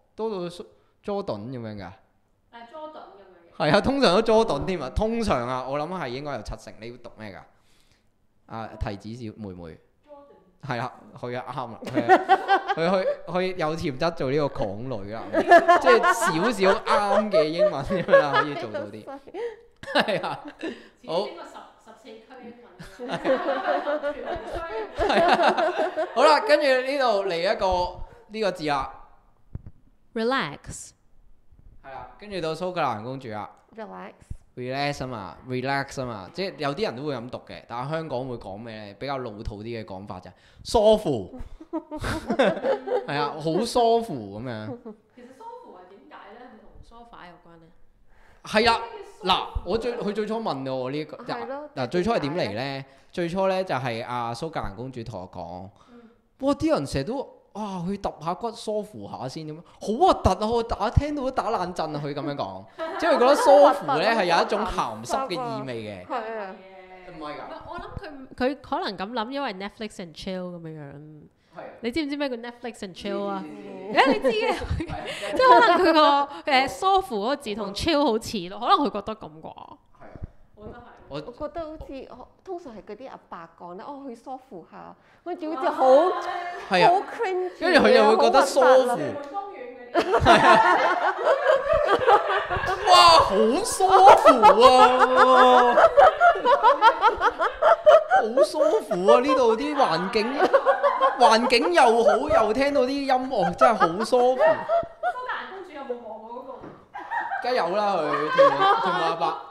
多到 Jordan 咁樣噶，誒 Jordan 咁樣嘅。係啊，通常都 Jordan 添啊，通常啊，我諗係應該有七成。你要讀咩噶？啊，Jordan，提子小妹妹。Jordan。係啊，佢啊啱啦，佢去可以有潛質做呢個港女啦，即係少少啱嘅英文咁樣啦，可以做到啲。係 啊。好。十十四區。係啊，好啦，跟住呢度嚟一個呢個字啊。relax，係啊、嗯，跟住到蘇格蘭公主啊，relax，relax 啊嘛，relax 啊嘛，即係有啲人都會咁讀嘅，但係香港會講咩咧？比較老土啲嘅講法就係舒服。係啊，好舒服咁樣。其實舒服係點解咧？唔同 sofa 有關咧？係啊，嗱，我最佢最初問到我呢、呢個，嗱最初係點嚟咧？最初咧就係阿、啊、蘇格蘭公主同我講，哇啲人成日都。哇！去揼下骨，梳扶下先咁樣，好核突啊，我打聽到都打冷震啊！佢咁樣講， 即係佢覺得梳扶咧係有一種鹹濕嘅意味嘅。係啊、嗯，唔係㗎。係係我諗佢佢可能咁諗，因為 Netflix and chill 咁樣樣。是你知唔知咩叫 Netflix and chill 啊？誒， 你知嘅， 即係可能佢個誒梳扶嗰個字同 chill 好似咯，可能佢覺得咁啩。係是。我覺得我覺得好似我通常係嗰啲阿伯講咧，哦去梳乎下，我覺得好似好係啊，好 clean。跟住佢又會覺得梳乎，哇好梳乎啊！好梳乎啊！呢度啲環境環境又好，又聽到啲音樂，真係好梳乎。蘇格蘭公主有冇望我嗰個？梗有啦，佢條條阿伯。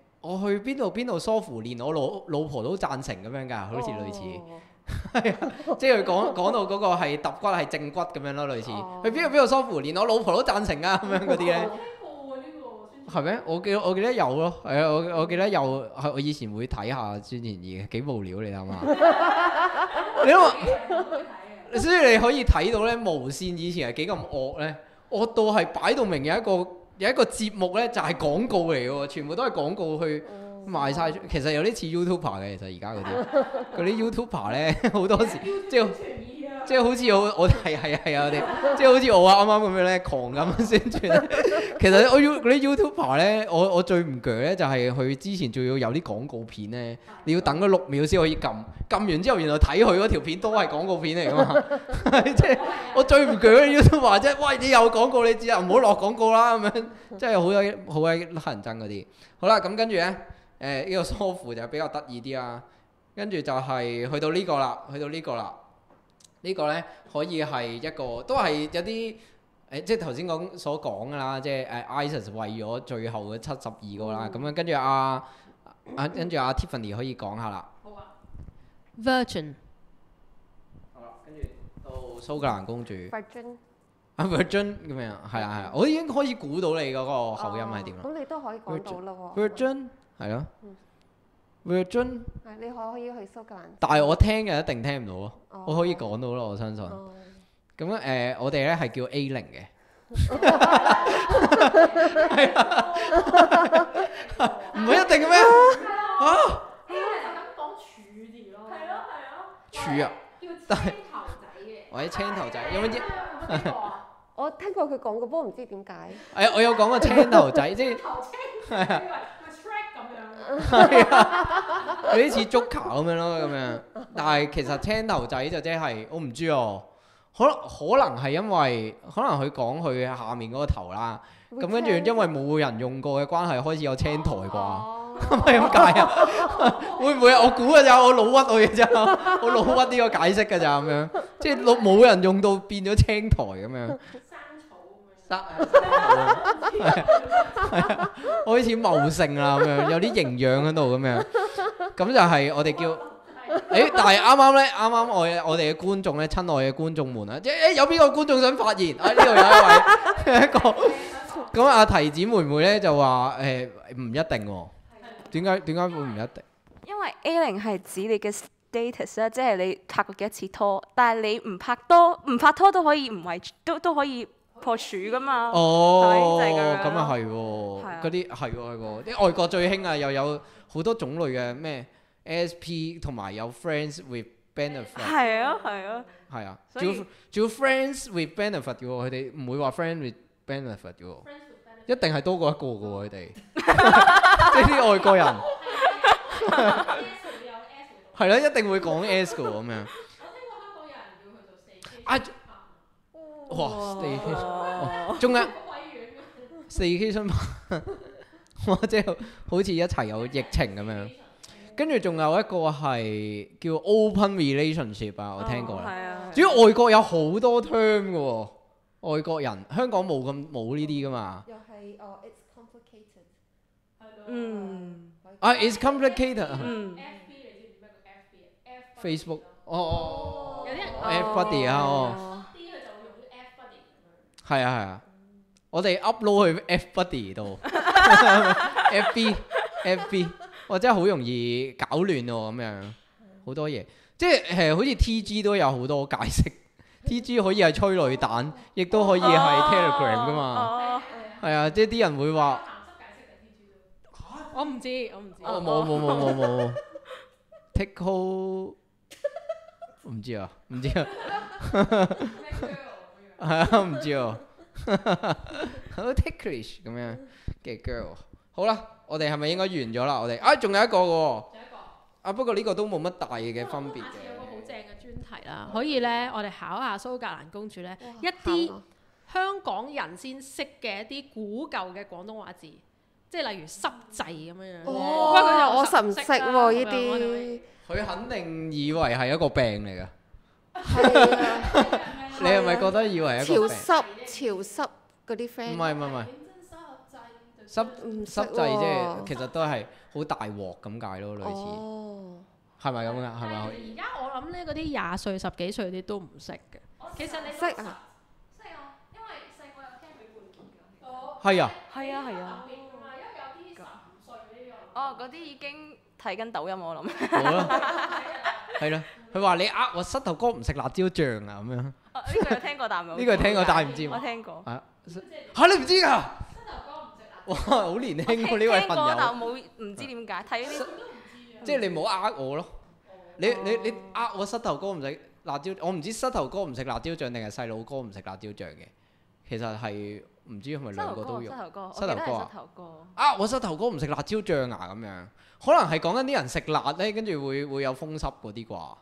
我去邊度邊度梳乎，連我老老婆都贊成咁樣㗎，好類似 類似，係啊，即係講講到嗰個係揼骨係正骨咁樣咯，類似去邊度邊度梳乎，連我老婆都贊成、哦、啊，咁樣嗰啲咧。聽過喎呢個係咩？我記我記得有咯，係啊，我我記得有，我，有我以前會睇下孫權義嘅，幾無聊你諗下。你都所以你可以睇到咧，無線以前係幾咁惡咧，惡到係擺到明有一個。有一個節目呢，就係廣告嚟嘅喎，全部都係廣告去賣晒、嗯。其實有啲似 YouTuber 嘅，其實而 家嗰啲嗰啲 YouTuber 呢，好 多時即係。 就係即係好似我我係係，係，啊！我哋即係好似我啊啱啱咁樣咧，狂咁先宣傳。其實我 YouTube 啲 YouTuber 咧，我我最唔鋸咧就係佢之前仲要有啲廣告片咧，你要等咗六秒先可以撳。撳完之後，原來睇佢嗰條片都係廣告片嚟㗎嘛。 即係我最唔鋸 YouTube 啫、哎。喂，你有廣告你知啊，唔好落廣告啦咁樣。即係好，好有，好鬼乞人憎嗰啲。好啦，咁跟住咧，誒、呃、呢、這個 Sup 就比較得意啲啊。跟住就係去到呢個啦，去到呢個啦。個呢個咧可以係一個，都係有啲誒，即係頭先講所講噶啦，即係誒，Isis 為咗最後嘅七十二個啦，咁樣、嗯、跟住阿啊，啊跟住阿、啊、Tiffany 可以講下啦。好啊。Virgin。好啦、啊，跟住到蘇格蘭公主。Virgin。啊、Virgin 咁樣，係啊係啊，我已經可以估到你嗰個口音係點啦。咁、啊、你都可以講到啦喎。Virgin, Virgin?、啊。係咯、嗯。Version？係你可可以去蘇格蘭。但係我聽嘅一定聽唔到咯。我可以講到咯，我相信。咁誒，我哋咧係叫 A 零嘅。係啊，唔係一定嘅咩？嚇？因為佢講柱字咯。係咯係咯。柱啊？叫青頭仔嘅。或者，青頭仔有冇知？我聽過佢講過，不過唔知點解。誒，我有講過青頭仔即係。係啊。係啊，呢啲似足球咁樣咯，咁樣。但係其實青頭仔就即係，我唔知哦。可能可能係因為可能佢講佢下面嗰個頭啦。咁跟住因為冇人用過嘅關係，開始有青苔啩，係咪咁解啊？ 會唔會啊？我估嘅咋，我老屈佢嘅咋，我老屈呢個解釋噶咋咁樣。即係冇冇人用到變咗青苔咁樣。得，開始茂盛啦，咁樣有啲營養喺度，咁 樣咁就係我哋叫誒。但係啱啱咧，啱啱我我哋嘅觀眾咧，親愛嘅觀眾們啊，誒、欸、有邊個觀眾想發言？啊、欸，呢度有一位有一個咁阿提子妹妹會咧就話誒唔一定喎？點解點解會唔一定？為一定因為 A 零係指你嘅 status 咧，即係你拍過幾多次拖，但係你唔拍拖，唔拍拖都可以，唔為都都可以。破處噶嘛？哦，咁啊係喎，嗰啲係喎係喎，啲外國最興啊，又有好多種類嘅咩，sp 同埋有 friends with benefit。係啊係啊。係啊，仲要仲要 friends with benefit 嘅喎，佢哋唔會話 friends with benefit 嘅喎。一定係多過一個嘅喎，佢哋即係啲外國人。係啦，一定會講 s 嘅喎咁樣。啊！哇！四 K 中間四 K 春晚，哇！即係好似一齊有疫情咁樣。跟住仲有一個係叫 Open Relationship 啊，我聽過啦。係啊。主要外國有好多 term 嘅喎，外國人香港冇咁冇呢啲噶嘛。又係哦，It's complicated。嗯。啊，It's complicated 啊。嗯。Facebook，哦哦。有啲啊，F body 啊哦。係啊係啊，我哋 upload 去 FB o d y 度，FB，FB，或者係好容易搞亂喎咁樣，好多嘢，即係誒好似 TG 都有好多解釋，TG 可以係催淚彈，亦都可以係 Telegram 㗎嘛，係啊，即係啲人會話，嚇我唔知，我唔知，我冇冇冇冇冇，Takeo，唔知啊，唔知啊。唔知喎，好 ticklish 咁樣嘅 girl。好啦，我哋係咪應該完咗啦？我哋啊，仲有一個喎。仲有一個。啊，不過呢個都冇乜大嘅分別嘅。下次有個好正嘅專題啦，可以咧，我哋考下蘇格蘭公主咧一啲香港人先識嘅一啲古舊嘅廣東話字，即係例如濕滯咁樣樣。哇！我實唔識喎呢啲。佢肯定以為係一個病嚟㗎。係啊。你係咪覺得以為一個潮濕潮濕嗰啲 friend？唔係唔係唔係，濕唔濕滯啫，其實都係好大鑊咁解咯，類似。哦，係咪咁噶？係咪？而家我諗咧，嗰啲廿歲、十幾歲啲都唔識嘅。其實你識啊？識啊，因為細個有聽許冠傑嘅歌。係啊！係啊！係啊！哦，嗰啲已經睇緊抖音，我諗。好啦，係啦，佢話你呃我膝頭哥唔食辣椒醬啊，咁樣。呢個聽過但係唔知。我聽過。嚇你唔知㗎？哇，好年輕㗎呢位朋友。聽過，但我冇唔知點解睇呢？即係你唔好呃我咯。你你你呃我膝頭哥唔使辣椒？我唔知膝頭哥唔食辣椒醬定係細佬哥唔食辣椒醬嘅。其實係唔知係咪兩個都用。膝頭哥。我啊！我膝頭哥唔食辣椒醬啊！咁樣可能係講緊啲人食辣咧，跟住會會有風濕嗰啲啩。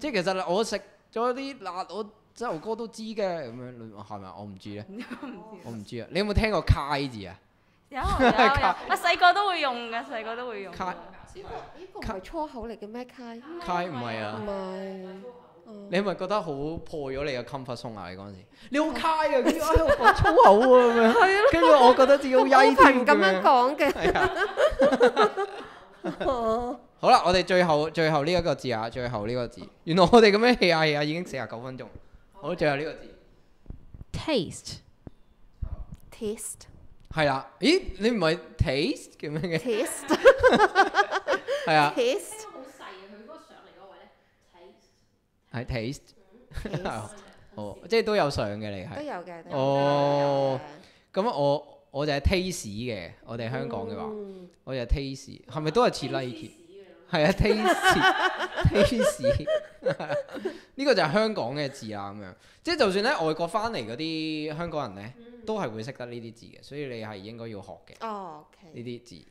即係其實我食。仲有啲嗱，我周哥都知嘅咁樣，係咪我唔知咧，我唔知啊。你有冇聽過揩字啊？有有有，我細個都會用嘅，細個都會用。揩？呢個係粗口嚟嘅咩？揩？揩唔係啊。唔係。你係咪覺得好破咗你嘅 comfort zone 啊？嗰陣時，你好揩啊！你喺度講粗口啊咁樣。係咯。跟住我覺得自己好曳咁樣講嘅。好啦，我哋最後最後呢一個字啊，最後呢個字，原來我哋咁樣氣壓啊，已經四十九分鐘。好，最後呢個字，taste，taste，係啦，咦，你唔係 taste 叫咩嘅？taste，係啊，taste，好係 taste，哦，即係都有上嘅你係，都有嘅，哦，咁我我就係 taste 嘅，我哋香港嘅話，我就 taste，係咪都係似 Nike？係啊，taste，taste，呢個就係香港嘅字啊。咁樣。即係就算咧外國翻嚟嗰啲香港人咧，都係會識得呢啲字嘅，所以你係應該要學嘅。呢啲、oh, okay. 字，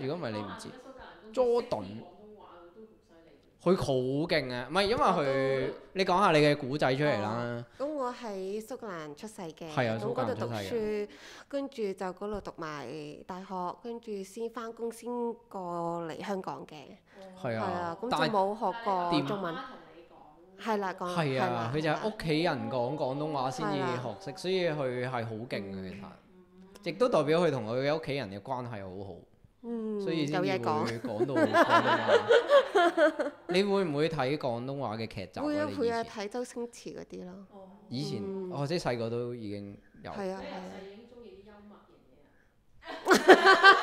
如果唔係你唔知。 Jordan 佢好勁啊！唔係因為佢，你講下你嘅古仔出嚟啦。咁、哦、我喺、啊、蘇格蘭出世嘅，咁嗰度讀書，跟住就嗰度讀埋大學，跟住先翻工先過嚟香港嘅。係、哦、啊，咁、啊、但就冇學過中文。同你講，係啦是，講係啊，佢就係屋企人講廣東話先至學識，啊、所以佢係好勁嘅。其實、嗯，亦都代表佢同佢嘅屋企人嘅關係好好。嗯，有嘢講。你會唔會睇廣東話嘅劇集啊？會啊，會啊，睇周星馳嗰啲咯。以前或者細個都已經有。已經鍾意啲幽默型嘅。係啊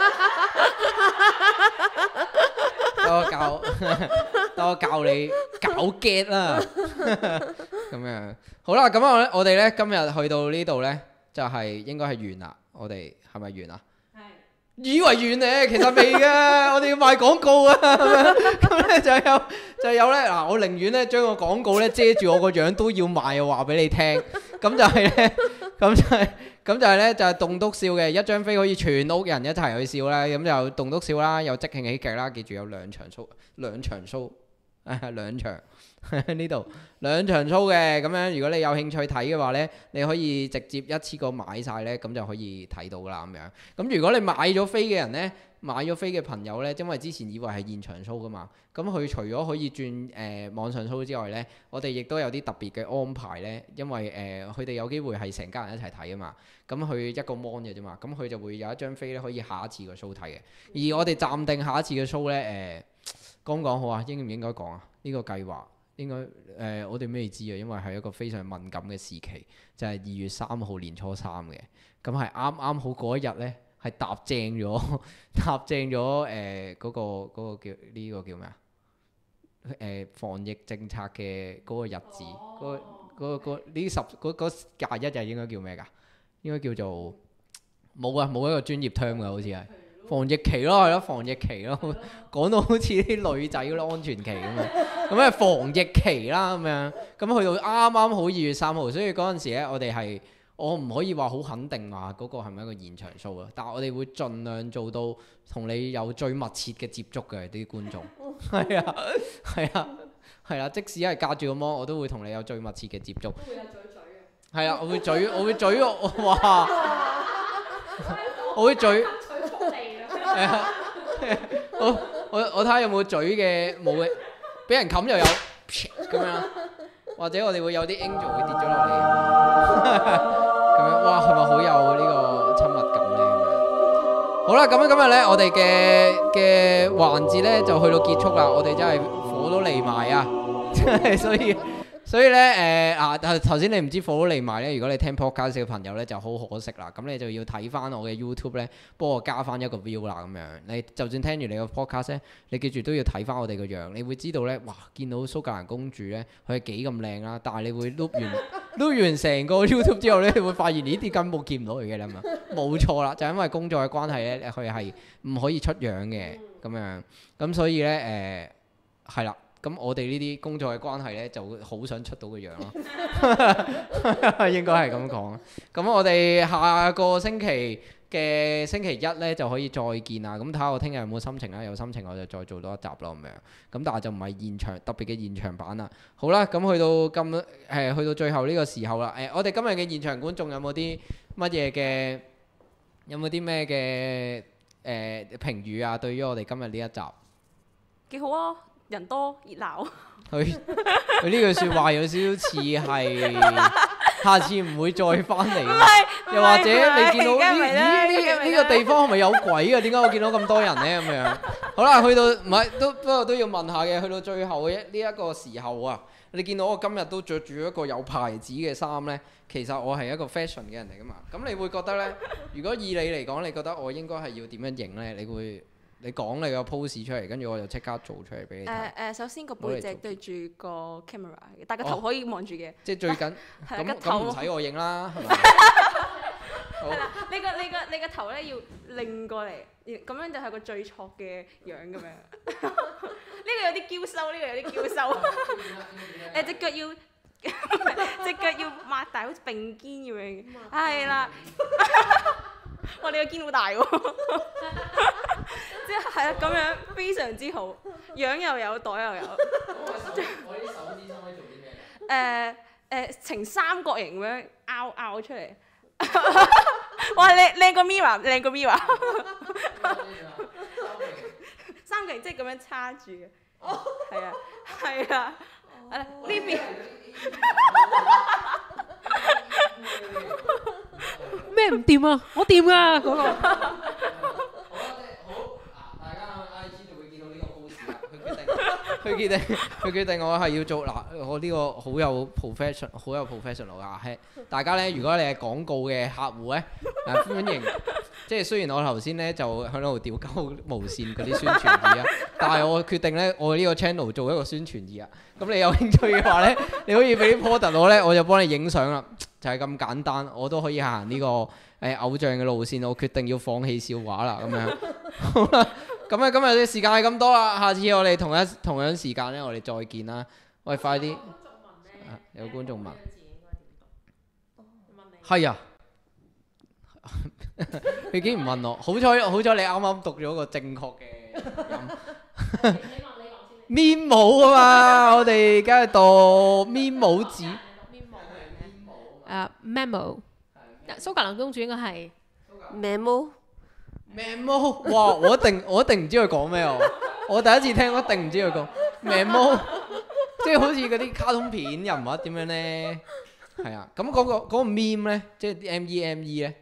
係啊。等我教等我教你搞 get 啦，咁樣。好啦，咁我我哋咧今日去到呢度咧，就係應該係完啦。我哋係咪完啊？以為遠咧，其實未嘅， 我哋要賣廣告啊！咁 咧就有，就有咧嗱、啊，我寧願咧將個廣告咧遮住我個樣都要賣，話俾你聽。咁 就係咧，咁就係、係，咁就係咧，就係棟篤笑嘅，一張飛可以全屋人一齊去笑啦。咁就棟篤笑啦，有即興喜劇啦，記住有兩場 show，兩場 show， 兩場。呢度 兩場 show 嘅咁樣，如果你有興趣睇嘅話呢，你可以直接一次過買晒呢，咁就可以睇到啦咁樣。咁如果你買咗飛嘅人呢，買咗飛嘅朋友呢，因為之前以為係現場 show 噶嘛，咁佢除咗可以轉誒、呃、網上 show 之外呢，我哋亦都有啲特別嘅安排呢，因為誒佢哋有機會係成家人一齊睇啊嘛，咁佢一個 mon 嘅啫嘛，咁佢就會有一張飛呢，可以下一次嘅 show 睇嘅。而我哋暫定下一次嘅 show 呢，誒講講好啊，應唔應該講啊？呢、呢個計劃。應該誒、呃，我哋未知啊，因為係一個非常敏感嘅時期，就係、是、二月三號年初三嘅，咁係啱啱好嗰一日呢，係搭正咗，搭正咗誒嗰個嗰、那個叫呢、這個叫咩啊？誒、呃、防疫政策嘅嗰個日子，嗰嗰嗰呢十嗰嗰廿一日應該叫咩噶？應該叫做冇啊，冇一個專業 term 㗎，好似係。防疫期咯，係咯，防疫期咯，講到好似啲女仔嗰啲安全期咁樣，咁咧防疫期啦咁樣，咁去到啱啱好二月三號，所以嗰陣時咧，我哋係我唔可以話好肯定話嗰個係咪一個現場騷啊，但係我哋會盡量做到同你有最密切嘅接觸嘅啲觀眾，係啊，係啊，係啦，即使係隔住個芒，我都會同你有最密切嘅接觸。會啊，係啊，我會嘴，我會嘴喎，哇，我會嘴。係啊，好 我我睇下有冇嘴嘅，冇嘅，俾人冚又有咁樣，或者我哋會有啲 angel 會跌咗落嚟咁樣，咁 樣，哇，係咪好有呢個親密感咧？好啦，咁樣今日咧我哋嘅嘅環節咧就去到結束啦，我哋真係火都嚟埋啊，真 係所以。所以咧，誒、呃、啊頭先你唔知火都嚟埋咧，如果你聽 podcast 嘅朋友咧就好可惜啦。咁你就要睇翻我嘅 YouTube 咧，幫我加翻一個 view 啦咁樣。你就算聽住你個 podcast 咧，你記住都要睇翻我哋個樣，你會知道咧，哇！見到蘇格蘭公主咧，佢幾咁靚啦。但係你會碌完碌 完成個 YouTube 之後咧，你會發現呢啲根本見唔到佢嘅啦嘛。冇錯啦，就係因為工作嘅關係咧，佢係唔可以出樣嘅咁樣。咁所以咧，誒、呃、係啦。咁我哋呢啲工作嘅關係呢，就好想出到個樣咯， 應該係咁講。咁我哋下個星期嘅星期一呢，就可以再見啦！咁睇下我聽日有冇心情啦，有心情我就再做多一集咯，咁、嗯、樣。咁但係就唔係現場特別嘅現場版啦。好啦，咁去到咁係去到最後呢個時候啦。誒、欸，我哋今日嘅現場觀眾有冇啲乜嘢嘅？有冇啲咩嘅誒評語啊？對於我哋今日呢一集，幾好啊！人多熱鬧，佢佢呢句説話有少少似係下次唔會再翻嚟，又或者你見到呢呢呢個地方係咪有鬼啊？點解我見到咁多人呢？咁樣。好啦，去到唔係都不過都要問下嘅，去到最後嘅呢一個時候啊，你見到我今日都著住一個有牌子嘅衫呢，其實我係一個 fashion 嘅人嚟噶嘛。咁你會覺得呢？如果以你嚟講，你覺得我應該係要點樣影呢？你會？你講你個 pose 出嚟，跟住我就即刻做出嚟俾你睇。誒誒首先個背脊對住個 camera，但個頭可以望住嘅。即最緊係個頭。唔使我影啦，係咪？好。你個你個你個頭咧要擰過嚟，咁樣就係個最挫嘅樣咁樣。呢個有啲嬌羞，呢個有啲嬌羞。誒隻腳要，隻腳要擘大，好似並肩咁樣。啊，係啦。哇！你，這個肩好大喎，哦，即係係啊，咁樣非常之好，樣又有袋又有。我啲手醫生可以做啲咩咧？誒誒呈三角形咁樣拗拗出嚟。 哇！靚靚過 Mirror，靚過 Mirror。笑 三角形，即係咁樣叉住，嘅。哦，係啊，係啊。誒，呢邊咩唔掂啊？我掂啊，嗰個好。大家 IG 就會見到呢個故事啦。佢決定，佢決定，佢決定，我係要做嗱，我呢個好有 professional，好有 professional 㗎。大家咧，如果你係廣告嘅客戶咧，嗱，歡迎。即係雖然我頭先咧就喺度吊鳩無線嗰啲宣傳詞啊，但係我決定咧，我呢個 channel 做一個宣傳詞啊。咁你有興趣嘅話咧，你可以俾啲 product 我咧，我就幫你影相啦。就係、是、咁簡單，我都可以行呢、這個誒、哎、偶像嘅路線。我決定要放棄笑話啦咁樣。好啦，咁啊，今日嘅時間係咁多啦。下次我哋同一同樣時間咧，我哋再見啦。喂，快啲、啊！有觀眾問。係啊。 你竟然唔問我，好彩好彩，你啱啱讀咗個正確嘅面母啊嘛！我哋今日讀面母字，面母啊 memo。蘇格蘭公主應該係 memo，memo。哇！我一定我一定唔知佢講咩啊！我第一次聽，我一定唔知佢講 memo，即係好似嗰啲卡通片人物點樣咧？係啊，咁嗰個嗰個 mem 咧，即係 M E M E 咧。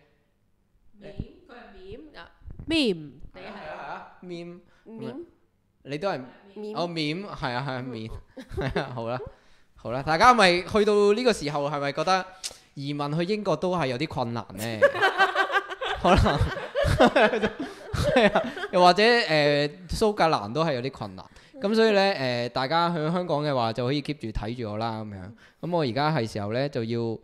面，佢係面。啊，面，你係。係啊，面。面。你都係。面。哦，面，係啊，係啊，面，係啊，好啦，好啦，大家係咪去到呢個時候，係咪覺得移民去英國都係有啲困難呢？可能係啊，又或者誒，蘇格蘭都係有啲困難。咁所以呢，誒，大家喺香港嘅話就可以 keep 住睇住我啦，咁樣。咁我而家係時候呢，就要。